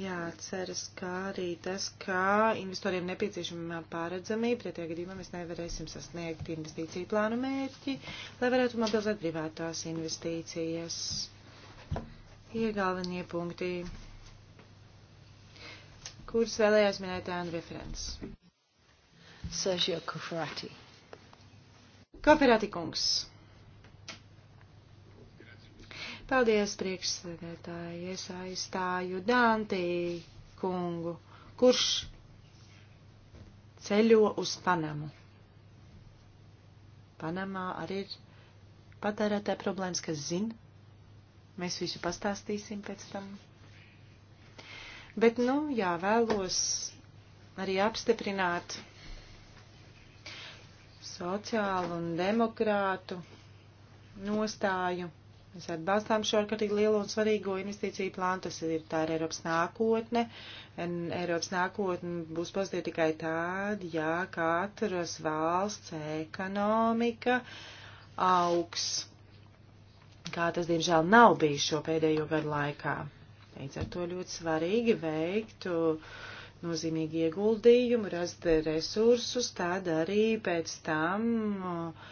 jāatceras, kā arī tas, ka investoriem nepieciešama pāredzamība, pretie gadījumā mēs nevarēsim sasniegt investīciju plānu mērķi, lai varētu mobilizēt privātās investīcijas. Ir galvenie punkti, kurus vēlējās minēt Anne Referents. Sergio Koferati. Koferati kungs. Paldies, priekšsēdētāji. Es aizstāju Dantī kungu, kurš ceļo uz Panamu. Panamā arī ir patērētāja problēmas, kas zina. Mēs visu pastāstīsim pēc tam. Bet, nu, jā, vēlos arī apstiprināt sociālu un demokrātu nostāju. Mēs atbalstām šo ārkārtīgi lielo un svarīgo investīciju plānu. Tas ir tā ir Eiropas nākotne. Un Eiropas nākotne būs pozitīva tikai tāda, ja katras valsts ekonomika augs, kā tas diemžēl nav bijis šo pēdējo gadu laikā. Līdz ar to ļoti svarīgi veiktu nozīmīgi ieguldījumu, rast resursus, tad arī pēc tam. Uh,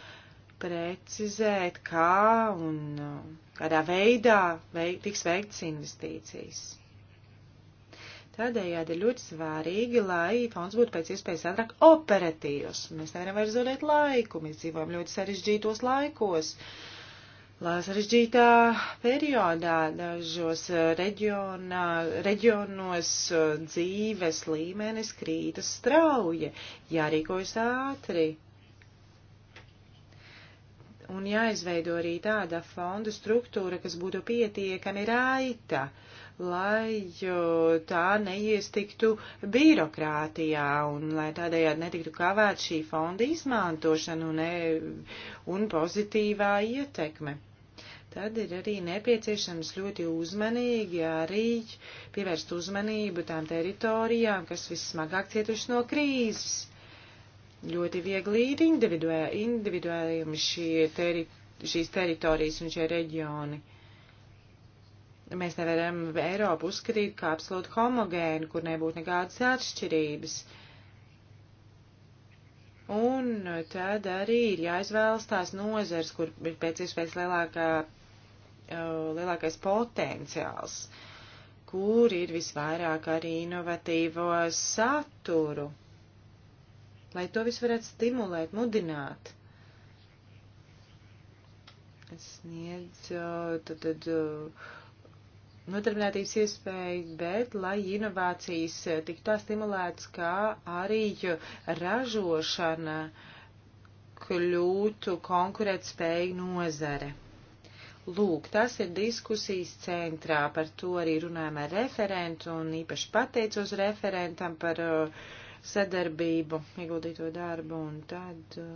precizēt, kā un uh, kādā veidā veik, tiks veikts investīcijas. Tādējādi ir ļoti svarīgi, lai fonds būtu pēc iespējas ātrāk operatīvs. Mēs nevaram vairs zaudēt laiku, mēs dzīvojam ļoti sarežģītos laikos. Lai sarežģītā periodā dažos reģionā, reģionos uh, dzīves līmenis krītas strauji, jārīkojas ātri, un jāizveido arī tāda fondu struktūra, kas būtu pietiekami raita, lai tā neiestiktu birokrātijā un lai tādējādi netiktu kavēt šī fonda izmantošana un, un pozitīvā ietekme. Tad ir arī nepieciešams ļoti uzmanīgi arī pievērst uzmanību tām teritorijām, kas vissmagāk cietuši no krīzes ļoti viegli ir individuāli, individuāli šie teri, šīs teritorijas un šie reģioni. Mēs nevaram Eiropu uzskatīt kā absolūti homogēnu, kur nebūtu nekādas atšķirības. Un tad arī ir jāizvēlas tās nozars, kur ir pēc iespējas lielākā, eh, lielākais potenciāls, kur ir visvairāk arī inovatīvo saturu lai to visu varētu stimulēt, mudināt. Es sniedzu tad, tad uh, nodarbinātības iespēju, bet lai inovācijas uh, tik tā stimulētas, kā arī uh, ražošana kļūtu konkurētspēju nozare. Lūk, tas ir diskusijas centrā, par to arī runājam ar referentu un īpaši pateicos referentam par uh, sadarbību, ieguldīto darbu, un tad uh,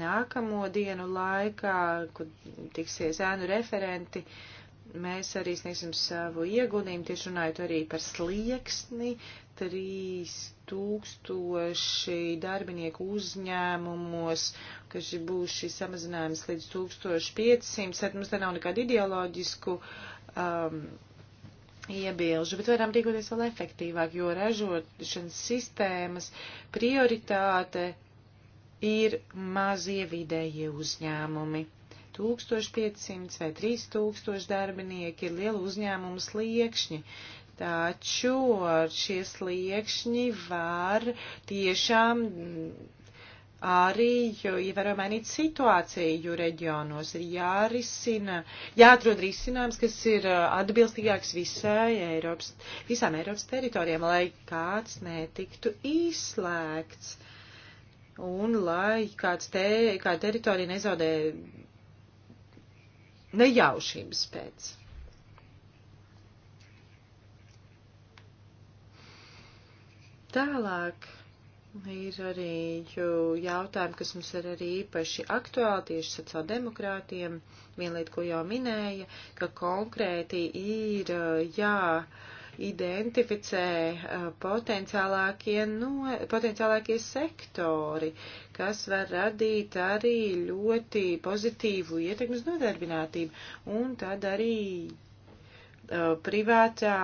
nākamo dienu laikā, kad tiksies ēnu referenti, mēs arī sniegsim savu ieguldījumu, tieši runājot arī par slieksni, 3000 darbinieku uzņēmumos, ka šī būs šis samazinājums līdz 1500, tad mums te nav nekādu ideoloģisku um, iebilžu, bet varam rīkoties vēl efektīvāk, jo ražošanas sistēmas prioritāte ir mazie vidējie uzņēmumi. 1500 vai 3000 darbinieki ir liela uzņēmuma sliekšņi, taču šie sliekšņi var tiešām arī ievēro mainīt situāciju reģionos. Ir jārisina, jāatrod risinājums, kas ir uh, atbilstīgāks visai Eiropas, visām Eiropas teritorijām, lai kāds netiktu izslēgts un lai kāds te, kā teritorija nezaudē nejaušības pēc. Tālāk Ir arī jautājumi, kas mums ir arī īpaši aktuāli tieši sociāldemokrātiem. Viena lieta, ko jau minēja, ka konkrēti ir jāidentificē potenciālākie, no, potenciālākie sektori, kas var radīt arī ļoti pozitīvu ietekmi uz nodarbinātību. Un tad arī privātā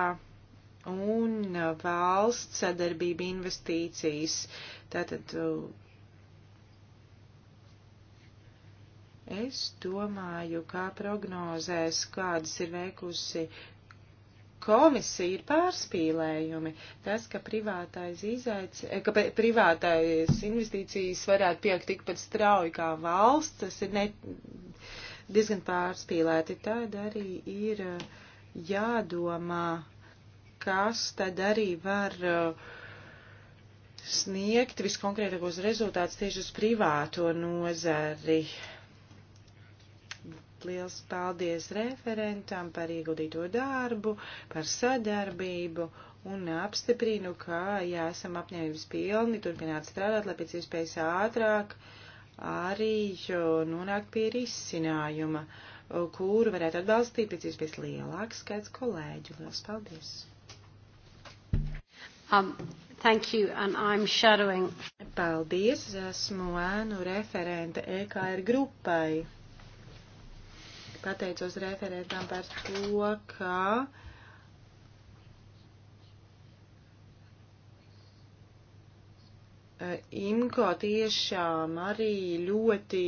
un valsts sadarbība investīcijas. Tātad es domāju, kā prognozēs, kādas ir veikusi komisija, ir pārspīlējumi. Tas, ka privātais, izaic, ka privātais investīcijas varētu pieaugt tikpat strauji kā valsts, tas ir ne, diezgan pārspīlēti. Tad arī ir jādomā kas tad arī var uh, sniegt viskonkrētākos rezultātus tieši uz privāto nozari. Liels paldies referentam par ieguldīto darbu, par sadarbību un apstiprinu, ka, ja esam apņēmības pilni, turpināt strādāt, lai pēc iespējas ātrāk arī nonākt pie risinājuma, kuru varētu atbalstīt pēc iespējas lielāks skaits kolēģu. Lielas paldies! Um, thank you, and I'm shadowing. Paldies, esmu ēnu referente EKR grupai. Pateicos referentam par to, ka IMCO tiešām arī ļoti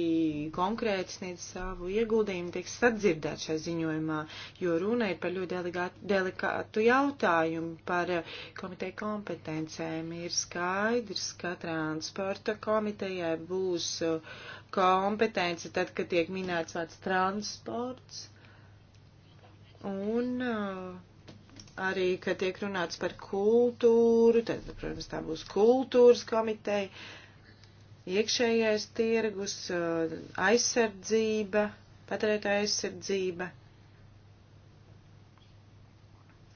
konkrēti sniedz savu ieguldījumu, tiek sadzirdēt šajā ziņojumā, jo runa ir par ļoti delikātu jautājumu par eh, komiteju kompetencēm. Ir skaidrs, ka transporta komitejai būs eh, kompetence tad, kad tiek minēts vārds transports. Un uh, arī, ka tiek runāts par kultūru, tad, protams, tā būs kultūras komiteja, iekšējais tirgus, uh, aizsardzība, patērētāja aizsardzība.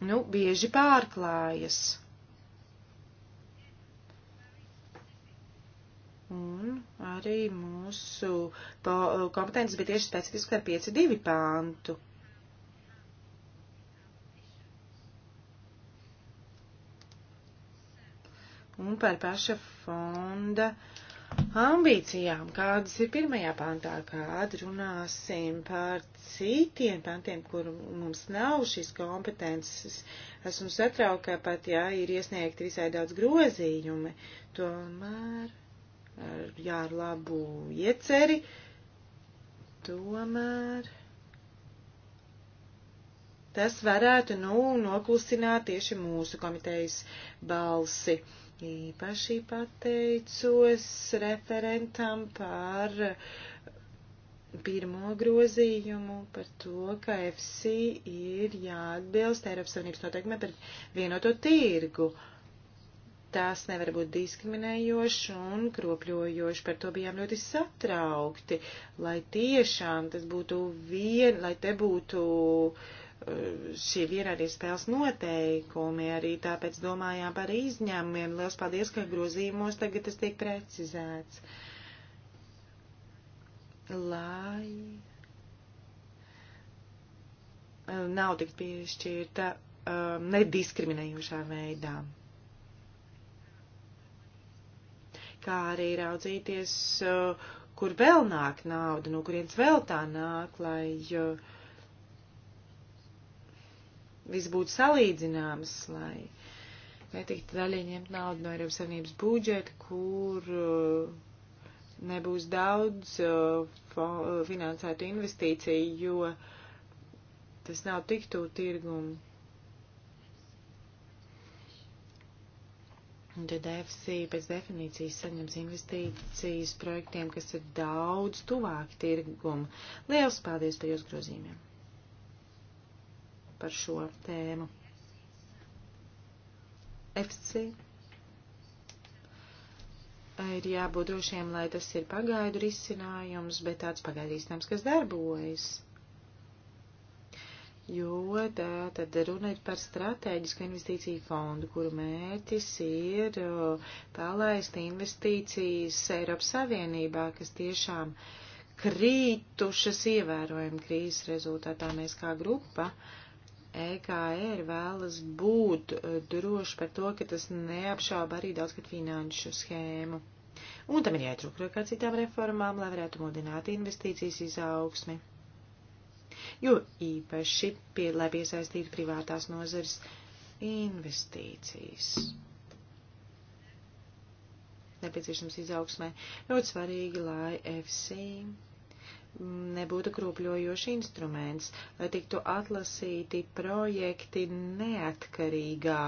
Nu, bieži pārklājas. Un arī mūsu kompetences bija tieši specifiski ar 5.2 pāntu. un par paša fonda ambīcijām, kādas ir pirmajā pantā, kad runāsim par citiem pantiem, kur mums nav šīs kompetences. Esmu satraukta pat, ja ir iesniegti visai daudz grozījumi, tomēr ar jārlabu ieceri, tomēr tas varētu, nu, noklusināt tieši mūsu komitejas balsi. Uh, Īpaši pateicos referentam par pirmo grozījumu, par to, ka FC ir jāatbilst Eiropas Savienības noteikumiem par vienoto tirgu. Tās nevar būt diskriminējoši un kropļojoši, par to bijām ļoti satraukti, lai tiešām tas būtu vien, lai te būtu uh, šie ir arī spēles noteikumi, arī tāpēc domājām par izņēmumiem. Liels paldies, ka grozījumos tagad tas tiek precizēts. Lai nav tik piešķirta um, nediskriminējošā veidā. Kā arī raudzīties, uh, kur vēl nāk nauda, no kurienes vēl tā nāk, lai. Uh, viss būtu salīdzināms, lai netiktu daļai ņemt naudu no Eiropas Savienības budžeta, kur uh, nebūs daudz uh, uh, finansētu investīciju, jo tas nav tik tuvu tirgumu. Tad FC pēc definīcijas saņems investīcijas projektiem, kas ir daudz tuvāk tirgumu. Lielas paldies par jūsu grozījumiem! par šo tēmu. FC ir jābūt drošiem, lai tas ir pagaidu risinājums, bet tāds pagaidu risinājums, kas darbojas. Jo tā tad runa ir par strateģisku investīciju fondu, kuru mērķis ir palaist investīcijas Eiropas Savienībā, kas tiešām krītušas ievērojami krīzes rezultātā. Mēs kā grupa uh, EKR vēlas būt e, droši par to, ka tas neapšāba arī daudzgad finanšu schēmu. Un tam ir jāietrūkrāk ar citām reformām, lai varētu modināt investīcijas izaugsmi. Jo īpaši, pie, lai piesaistītu privātās nozares investīcijas nepieciešams izaugsmē. Ļoti svarīgi, lai FC nebūtu kropļojoši instruments, lai tiktu atlasīti projekti neatkarīgā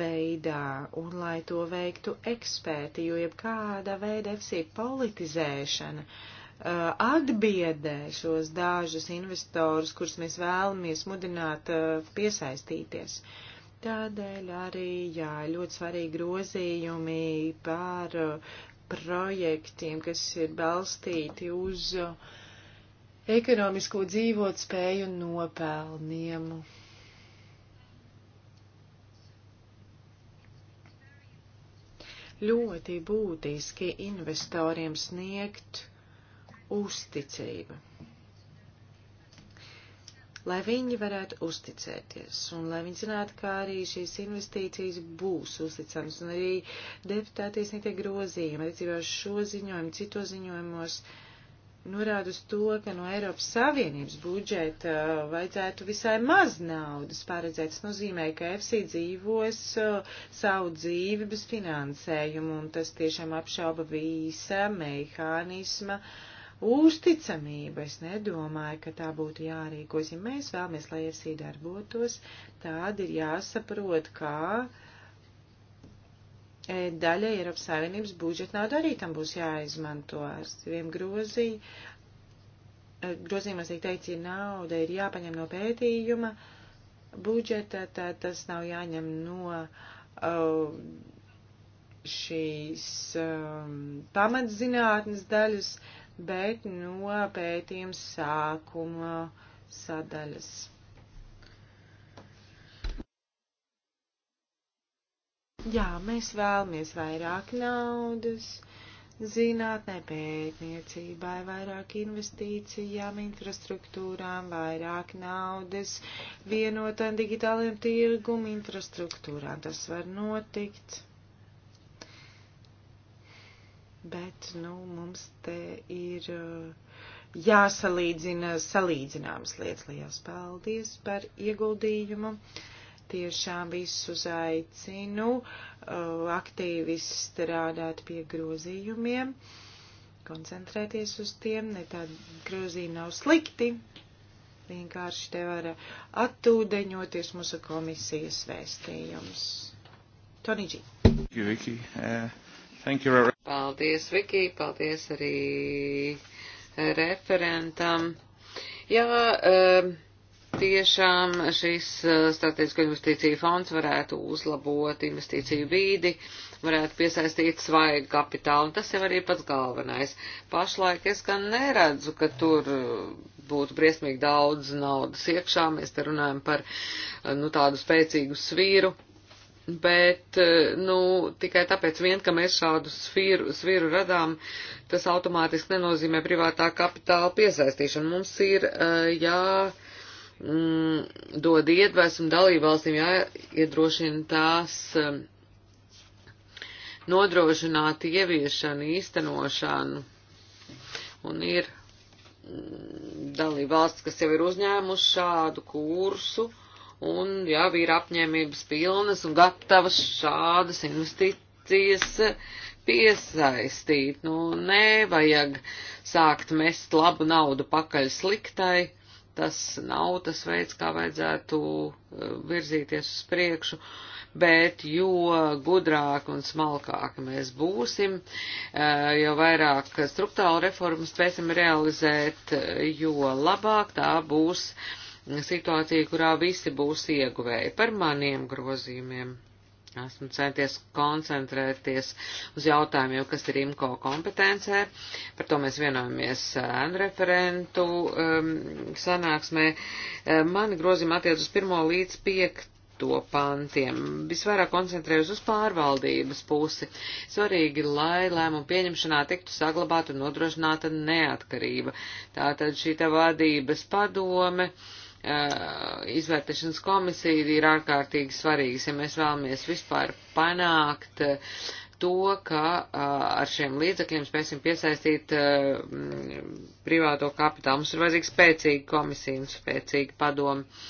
veidā un lai to veiktu eksperti, jo jebkāda veida FC politizēšana uh, atbiedē šos dažus investorus, kurus mēs vēlamies mudināt uh, piesaistīties. Tādēļ arī jā, ļoti svarīgi grozījumi par uh, projektiem, kas ir balstīti uz ekonomisko dzīvot spēju nopelniem. Ļoti būtiski investoriem sniegt uzticību lai viņi varētu uzticēties un lai viņi zinātu, kā arī šīs investīcijas būs uzticamas un arī deputāti iesniegtie grozījumi attiecībā uz šo ziņojumu, cito ziņojumos norāda uz to, ka no Eiropas Savienības budžeta vajadzētu visai maz naudas paredzēt. Tas nozīmē, ka FC dzīvos uh, savu dzīvi bez finansējumu, un tas tiešām apšauba visa mehānisma uh, uzticamība. Es nedomāju, ka tā būtu jārīkojas. Ja mēs vēlamies, lai FC darbotos, tad ir jāsaprot, kā e, daļa Eiropas Savienības budžeta nauda arī tam būs jāizmanto ar saviem grozī. E, Grozījumos tiek teikts, ja nauda ir jāpaņem no pētījuma budžeta, tad tas nav jāņem no uh, šīs um, pamatzinātnes daļas, uh, bet no pētījuma sākuma sadaļas. Jā, mēs vēlamies vairāk naudas, zinātnē pētniecībai, vairāk investīcijām, infrastruktūrām, vairāk naudas, vienotam digitāliem tirgumu infrastruktūrām. Tas var notikt. Bet, nu, mums te ir uh, jāsalīdzina salīdzināmas lietas. Lielas paldies par ieguldījumu. Tiešām visus aicinu uh, aktīvi strādāt pie grozījumiem, koncentrēties uz tiem, ne tādi grozījumi nav slikti, vienkārši te var attūdeņoties mūsu komisijas vēstījums. Toniģi. Thank you, Vicky. Uh... Thank you. Paldies, Viki, paldies arī referentam. Jā, eh, tiešām šis eh, strateģisko investīciju fonds varētu uzlabot investīciju bīdi, varētu piesaistīt svaigu kapitālu, un tas jau arī pats galvenais. Pašlaik es gan neredzu, ka tur eh, būtu briesmīgi daudz naudas iekšā, mēs te runājam par, nu, tādu spēcīgu svīru Bet, eh, nu, tikai tāpēc vien, ka mēs šādu sfīru, sviru radām, tas automātiski nenozīmē privātā kapitāla piesaistīšanu. Mums ir eh, jā mm, dod iedvesmu dalībvalstīm, jāiedrošina tās eh, nodrošināt ieviešanu, īstenošanu. Un ir mm, dalībvalsts, kas jau ir uzņēmuši šādu kursu un jā, ir apņēmības pilnas un gatavas šādas investīcijas piesaistīt. Nu, nevajag sākt mest labu naudu pakaļ sliktai. Tas nav tas veids, kā vajadzētu eh, virzīties uz priekšu, bet jo gudrāk un smalkāk mēs būsim, eh, jo vairāk struktūrāla reformas spēsim realizēt, eh, jo labāk tā būs uh, situācija, kurā visi būs ieguvēji par maniem grozījumiem. Esmu centies koncentrēties uz jautājumiem, kas ir IMCO kompetencē. Par to mēs vienojamies referentu um, sanāksmē. Um, mani grozījumi attiec uz pirmo līdz piekto pantiem. Visvairāk koncentrējos uz pārvaldības pusi. Svarīgi, lai lēmumu pieņemšanā tiktu saglabāta un nodrošināta neatkarība. Tātad šī vadības padome. Uh, Eh, izvērtēšanas komisija ir ārkārtīgi svarīgas, ja mēs vēlamies vispār panākt eh, to, ka eh, ar šiem līdzekļiem spēsim piesaistīt mm, privāto kapitālu. Mums ir vajadzīga spēcīga komisija un spēcīga padoma.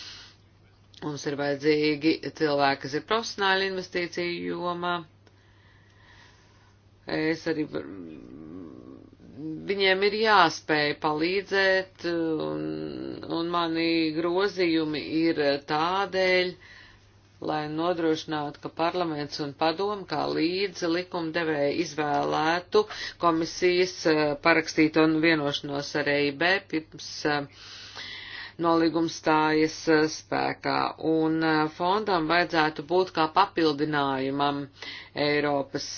Mums ir vajadzīgi cilvēki, kas ir profesionāli investīciju jomā. Es arī viņiem ir jāspēj palīdzēt, un, un mani grozījumi ir tādēļ, lai nodrošinātu, ka parlaments un padomu kā līdzi likumdevēja izvēlētu komisijas eh, parakstīto vienošanos ar EIB pirms uh, nolīgums stājas spēkā, un fondam vajadzētu būt kā papildinājumam Eiropas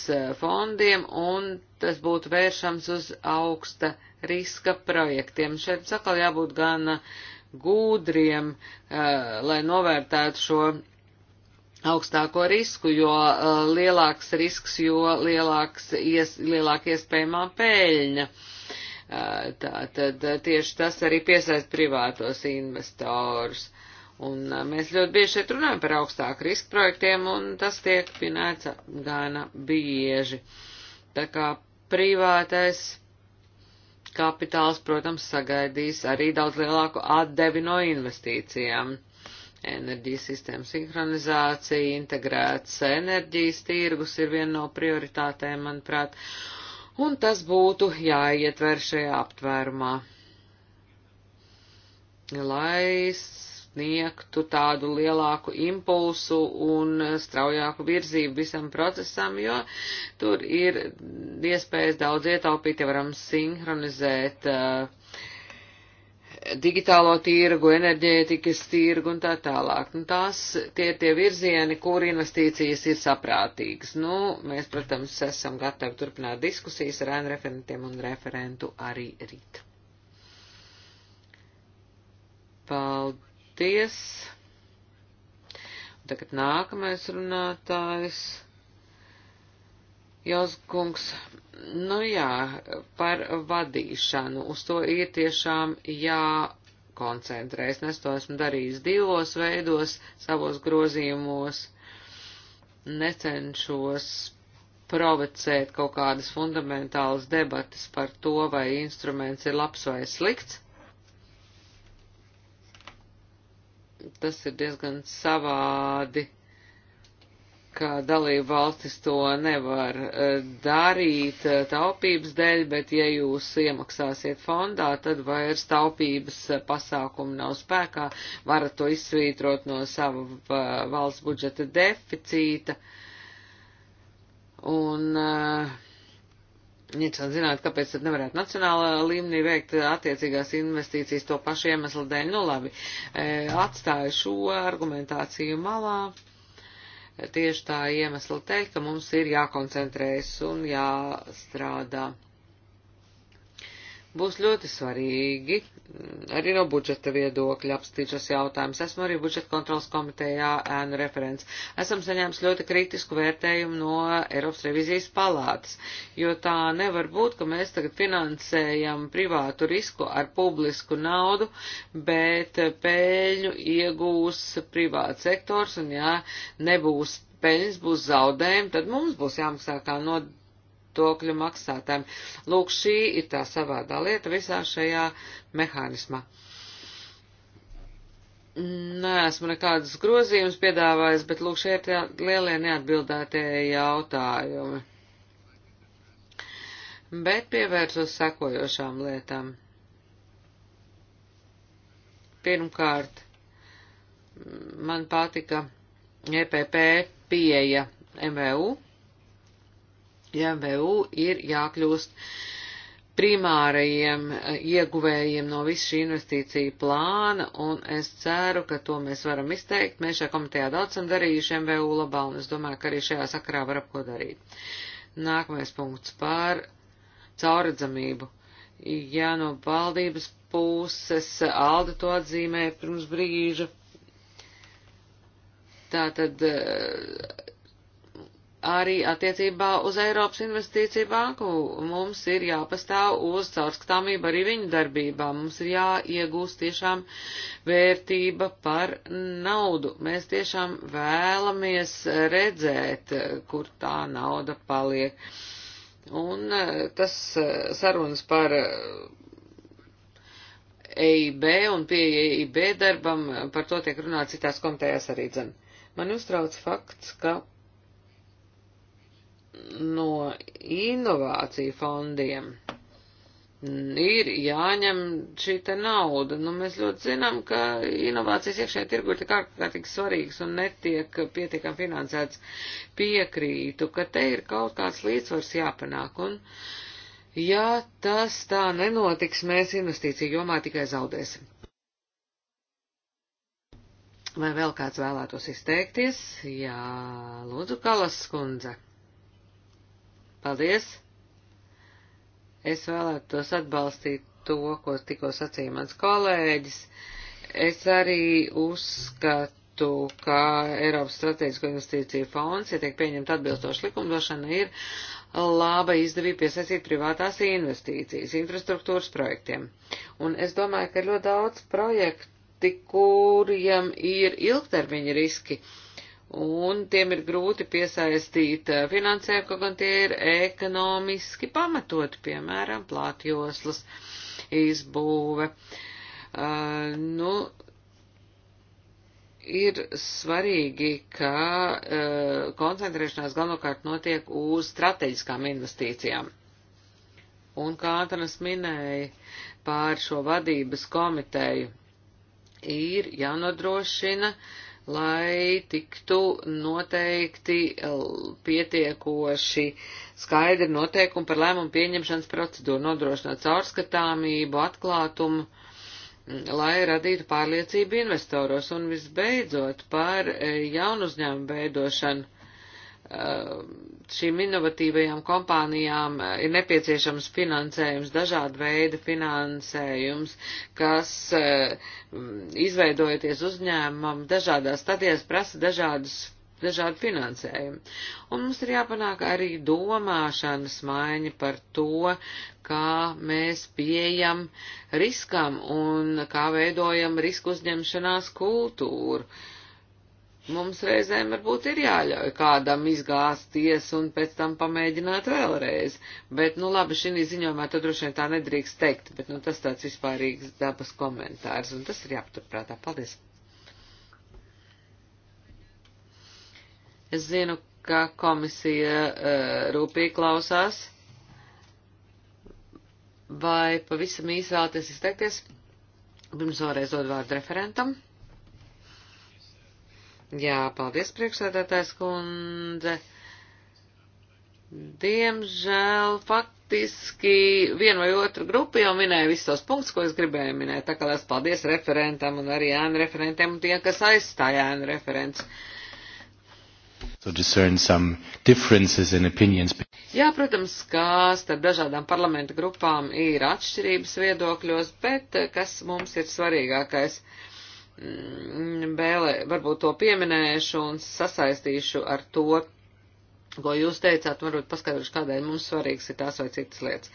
fondiem, un tas būtu vēršams uz augsta riska projektiem. Šeit sakal jābūt gan gūdriem, lai novērtētu šo augstāko risku, jo lielāks risks, jo lielāks, ies, lielāka iespējamā pēļņa. Uh, Tā tad tieši tas arī piesaist privātos investorus. Un mēs ļoti bieži šeit runājam par augstāku risku projektiem, un tas tiek pinēts gana bieži. Tā kā privātais kapitāls, protams, sagaidīs arī daudz lielāku atdevi no investīcijām. Enerģijas sistēmas sinhronizācija, integrēts enerģijas tirgus ir viena no prioritātēm, manuprāt. Uh, un tas būtu jāietver šajā aptvērumā, lai sniegtu tādu lielāku impulsu un straujāku virzību visam procesam, jo tur ir iespējas daudz ietaupīt, ja varam sinhronizēt uh, digitālo tirgu, enerģētikas tirgu un tā tālāk. Nu, tās tie tie virzieni, kur investīcijas ir saprātīgas. Nu, mēs, protams, esam gatavi turpināt diskusijas ar ēnu referentiem un referentu arī rīt. Paldies! Tagad nākamais runātājs. Jozgungs, nu jā, par vadīšanu, uz to ir tiešām jākoncentrēs, nes to esmu darījis divos veidos, savos grozījumos, necenšos provocēt kaut kādas fundamentālas debatas par to, vai instruments ir labs vai slikts. Tas ir diezgan savādi ka dalību valstis to nevar e, darīt e, taupības dēļ, bet ja jūs iemaksāsiet fondā, tad vairs taupības e, pasākumi nav spēkā, varat to izsvītrot no sava valsts budžeta deficīta. Un uh, interesanti zināt, kāpēc tad nevarētu nacionālā līmenī veikt attiecīgās investīcijas to pašu iemeslu dēļ. Nu labi, e, atstāju šo argumentāciju malā tieši tā iemesla dēļ, ka mums ir jākoncentrējas un jāstrādā. Būs ļoti svarīgi mm, arī no budžeta viedokļa apstīt šos jautājumus. Esmu arī budžeta kontrolas komitejā ēnu referents. Esam saņēmis ļoti kritisku vērtējumu no Eiropas revizijas palātas, jo tā nevar būt, ka mēs tagad finansējam privātu risku ar publisku naudu, bet peļņu iegūs privāts sektors un ja nebūs peļņas, būs zaudējumi, tad mums būs jāmaksā kā nodokļu nodokļu maksātājiem. Lūk, šī ir tā savādā lieta visā šajā mehānismā. Nē, esmu nekādas grozījumus piedāvājis, bet lūk, šie ir tie lielie neatbildētie jautājumi. Bet pievērsos sekojošām lietām. Pirmkārt, man patika EPP pieeja MVU ja MVU ir jākļūst primārajiem eh, ieguvējiem no visu šī investīciju plāna, un es ceru, ka to mēs varam izteikt. Mēs šajā komitejā daudz esam darījuši MVU labā, un es domāju, ka arī šajā sakarā var ko darīt. Nākamais punkts par caurredzamību. Ja no valdības puses Alda to atzīmē pirms brīža, tā tad eh, arī attiecībā uz Eiropas investīciju banku mums ir jāpastāv uz caurskatāmību arī viņu darbībā. Mums ir jāiegūst tiešām vērtība par naudu. Mēs tiešām vēlamies redzēt, kur tā nauda paliek. Un eh, tas eh, sarunas par EIB eh, e un pie EIB darbam, par to tiek runāts citās komitējās arī dzen. Man uztrauc fakts, ka no inovāciju fondiem ir jāņem šī te nauda. Nu, mēs ļoti zinām, ka inovācijas iekšējā tirgu ir tik ārkārtīgi svarīgas un netiek pietiekam finansēts piekrītu, ka te ir kaut kāds līdzsvars jāpanāk. Un, ja tas tā nenotiks, mēs investīciju jomā tikai zaudēsim. Vai vēl kāds vēlētos izteikties? Jā, lūdzu, Kalas skundze. Paldies! Es vēlētos atbalstīt to, ko tikko sacīja mans kolēģis. Es arī uzskatu, ka Eiropas Strateģisko investīciju fonds, ja tiek pieņemta atbilstoša likumdošana, ir laba izdevība piesaistīt privātās investīcijas infrastruktūras projektiem. Un es domāju, ka ir ļoti daudz projekti, kuriem ir ilgtermiņa riski. Uh, un tiem ir grūti piesaistīt eh, finansējumu, kaut gan tie ir ekonomiski pamatot, piemēram, plātjoslas izbūve. Uh, nu, ir svarīgi, ka uh, koncentrēšanās galvenokārt notiek uz strateģiskām investīcijām. Un kā Antanas minēja pār šo vadības komiteju, ir jānodrošina uh, lai tiktu noteikti pietiekoši skaidri noteikumi par lēmumu pieņemšanas procedūru, nodrošinot caurskatāmību, atklātumu, lai radītu pārliecību investoros un visbeidzot par eh, jaunu uzņēmumu veidošanu Ehm, šīm inovatīvajām kompānijām eh, ir nepieciešams finansējums, dažāda veida finansējums, kas eh, izveidojoties uzņēmumam dažādās stadijās prasa dažādus dažādu finansējumu. Un mums ir jāpanāk arī domāšanas maiņa par to, kā mēs pieejam riskam un kā veidojam risku uzņemšanās kultūru. Uh, Mums reizēm varbūt ir jāļauj kādam izgāzties un pēc tam pamēģināt vēlreiz, bet, nu labi, šī ziņojumā to droši vien tā nedrīkst teikt, bet, nu, tas tāds vispārīgs dabas komentārs, un tas ir jāpaturprātā. Paldies! Es zinu, ka komisija uh, rūpīgi klausās. Vai pavisam īsi vēlaties izteikties? Pirms vēlreiz dod vārdu referentam. Jā, paldies, priekšsēdētājs kundze. Diemžēl faktiski vienu vai otru grupu jau minēja visus tos punktus, ko es gribēju minēt. Tā kā es paldies referentam un arī ēnu referentiem un tiem, kas aizstāja ēnu referents. So discern some differences in opinions. Jā, protams, ka starp dažādām parlamenta grupām ir atšķirības viedokļos, bet eh, kas mums ir svarīgākais? Uh, Mm, Bēlē, varbūt to pieminēšu un sasaistīšu ar to, ko jūs teicāt, varbūt paskaidrošu, kādēļ mums svarīgs ir tās vai citas lietas.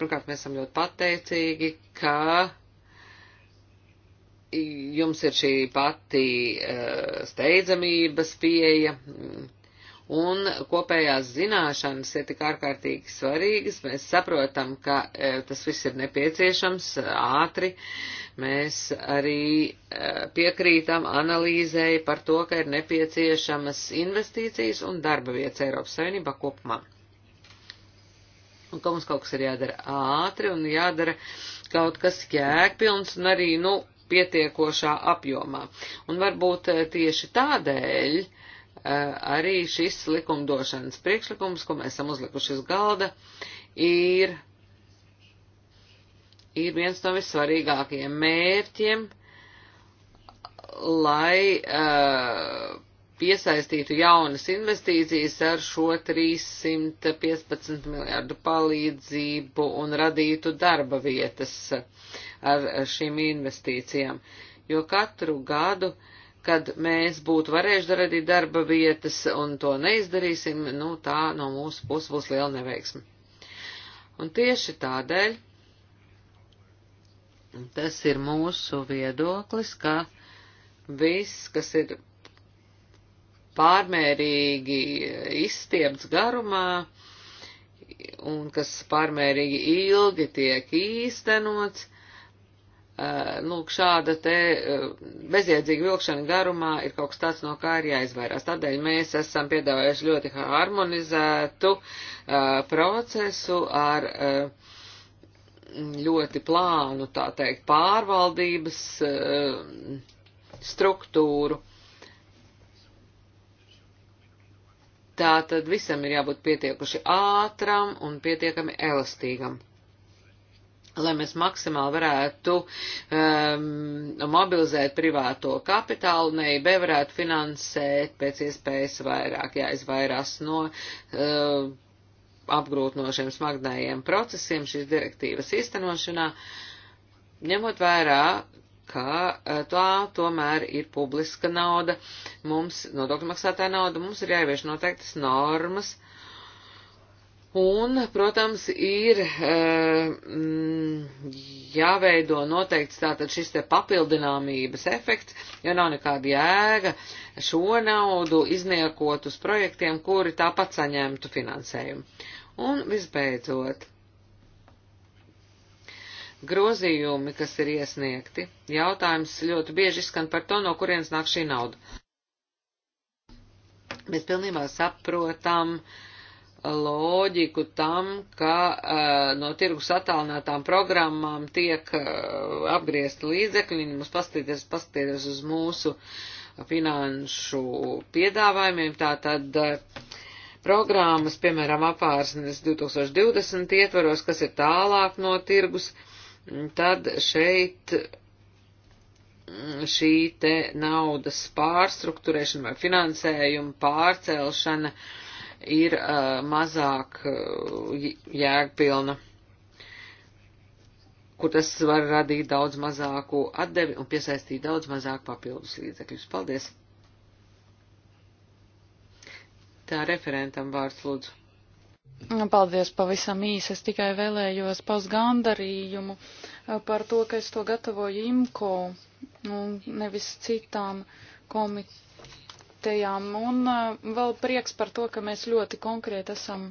Pirmkārt, mēs esam ļoti pateicīgi, ka jums ir šī pati uh, steidzamības pieeja, mm, Un kopējās zināšanas ir tik ārkārtīgi svarīgas, mēs saprotam, ka e, tas viss ir nepieciešams e, ātri. Mēs arī e, piekrītam analīzēji par to, ka ir nepieciešamas investīcijas un darba vietas Eiropas Savienībā kopumā. Un ka mums kaut kas ir jādara ātri un jādara kaut kas jēgpilns un arī, nu, pietiekošā apjomā. Un varbūt e, tieši tādēļ, uh, Eh, arī šis likumdošanas priekšlikums, ko mēs esam uzlikuši uz galda, ir, ir viens no vissvarīgākajiem mērķiem, lai uh, piesaistītu jaunas investīcijas ar šo 315 miljārdu palīdzību un radītu darba vietas ar šīm investīcijām. Jo katru gadu uh, kad mēs būtu varējuši radīt darba vietas un to neizdarīsim, nu tā no mūsu puses būs liela neveiksme. Un tieši tādēļ tas ir mūsu viedoklis, ka viss, kas ir pārmērīgi izstiepts garumā un kas pārmērīgi ilgi tiek īstenots, Eh, nu, šāda te eh, bezjēdzīga vilkšana garumā ir kaut kas tāds, no kā ir jāizvairās. Tādēļ mēs esam piedāvājuši ļoti harmonizētu eh, procesu ar ļoti plānu, tā teikt, pārvaldības struktūru. Tā tad visam ir jābūt pietiekuši ātram un pietiekami elastīgam lai mēs maksimāli varētu um, mobilizēt privāto kapitālu, un EIB varētu finansēt pēc iespējas vairāk, jāizvairās no uh, apgrūtinošiem smagnējiem procesiem šīs direktīvas īstenošanā, ņemot vērā, ka uh, tā tomēr ir publiska nauda, mums, nodokļu maksātāja nauda, mums ir jāievieš noteiktas normas, uh, Un, protams, ir e, mm, jāveido noteikts tātad šis te papildināmības efekts, jo nav nekāda jēga šo naudu izniekot uz projektiem, kuri tāpat saņemtu finansējumu. Un visbeidzot, grozījumi, kas ir iesniegti, jautājums ļoti bieži skan par to, no kurienes nāk šī nauda. Mēs pilnībā saprotam, uh, loģiku tam, ka uh, no tirgus attālinātām programmām tiek uh, apgriezti līdzekļi, mums paskatīties, paskatīties uz mūsu finanšu piedāvājumiem, tā tad uh, eh, programmas, piemēram, apārsnes 2020 ietvaros, kas ir tālāk no tirgus, tad šeit mm, šī te naudas pārstruktūrēšana vai finansējuma pārcelšana uh, ir uh, mazāk uh, jēgpilna, kur tas var radīt daudz mazāku atdevi un piesaistīt daudz mazāk papildus līdzekļus. Paldies! Tā referentam vārds lūdzu. Paldies pavisam īsi. Es tikai vēlējos paust gandarījumu uh, par to, ka es to gatavoju IMCO un nevis citām komitejām komitejām. Un uh, vēl prieks par to, ka mēs ļoti konkrēti esam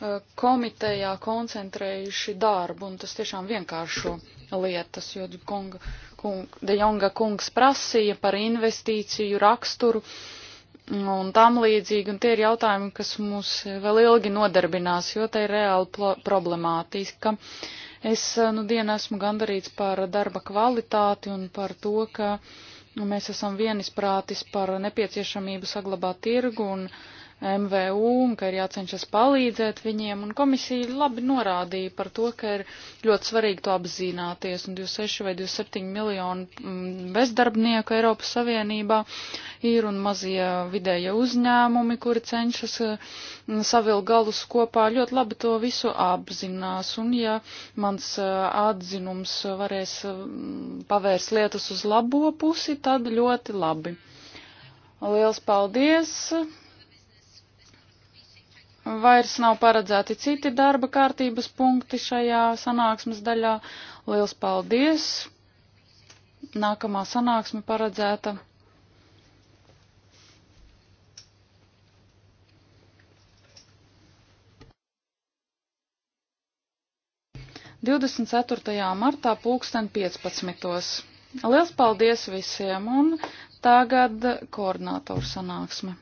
uh, komitejā koncentrējuši darbu, un tas tiešām vienkāršo lietas, jo kunga, kung, De Jonga kungs prasīja par investīciju raksturu un tam līdzīgi, un tie ir jautājumi, kas mūs vēl ilgi nodarbinās, jo tai ir reāli problemātiska. Es uh, nu dienu esmu gandarīts par darba kvalitāti un par to, ka uh, Mēs esam vienisprātis par nepieciešamību saglabāt tirgu un uh, MVU un ka ir jācenšas palīdzēt viņiem, un komisija labi norādīja par to, ka ir ļoti svarīgi to apzināties, un 26 vai 27 miljonu mm, bezdarbnieku Eiropas Savienībā ir un mazie vidēja uzņēmumi, kuri cenšas mm, savil galus kopā, ļoti labi to visu apzinās, un ja mans atzinums varēs mm, pavērst lietas uz labo pusi, tad ļoti labi. Liels paldies! Vairs nav paredzēti citi darba kārtības punkti šajā sanāksmes daļā. Liels paldies! Nākamā sanāksme paredzēta. Divdesmit ceturtajā martā pulksten piecpadsmitos. Liels paldies visiem un tagad koordinātoru sanāksme.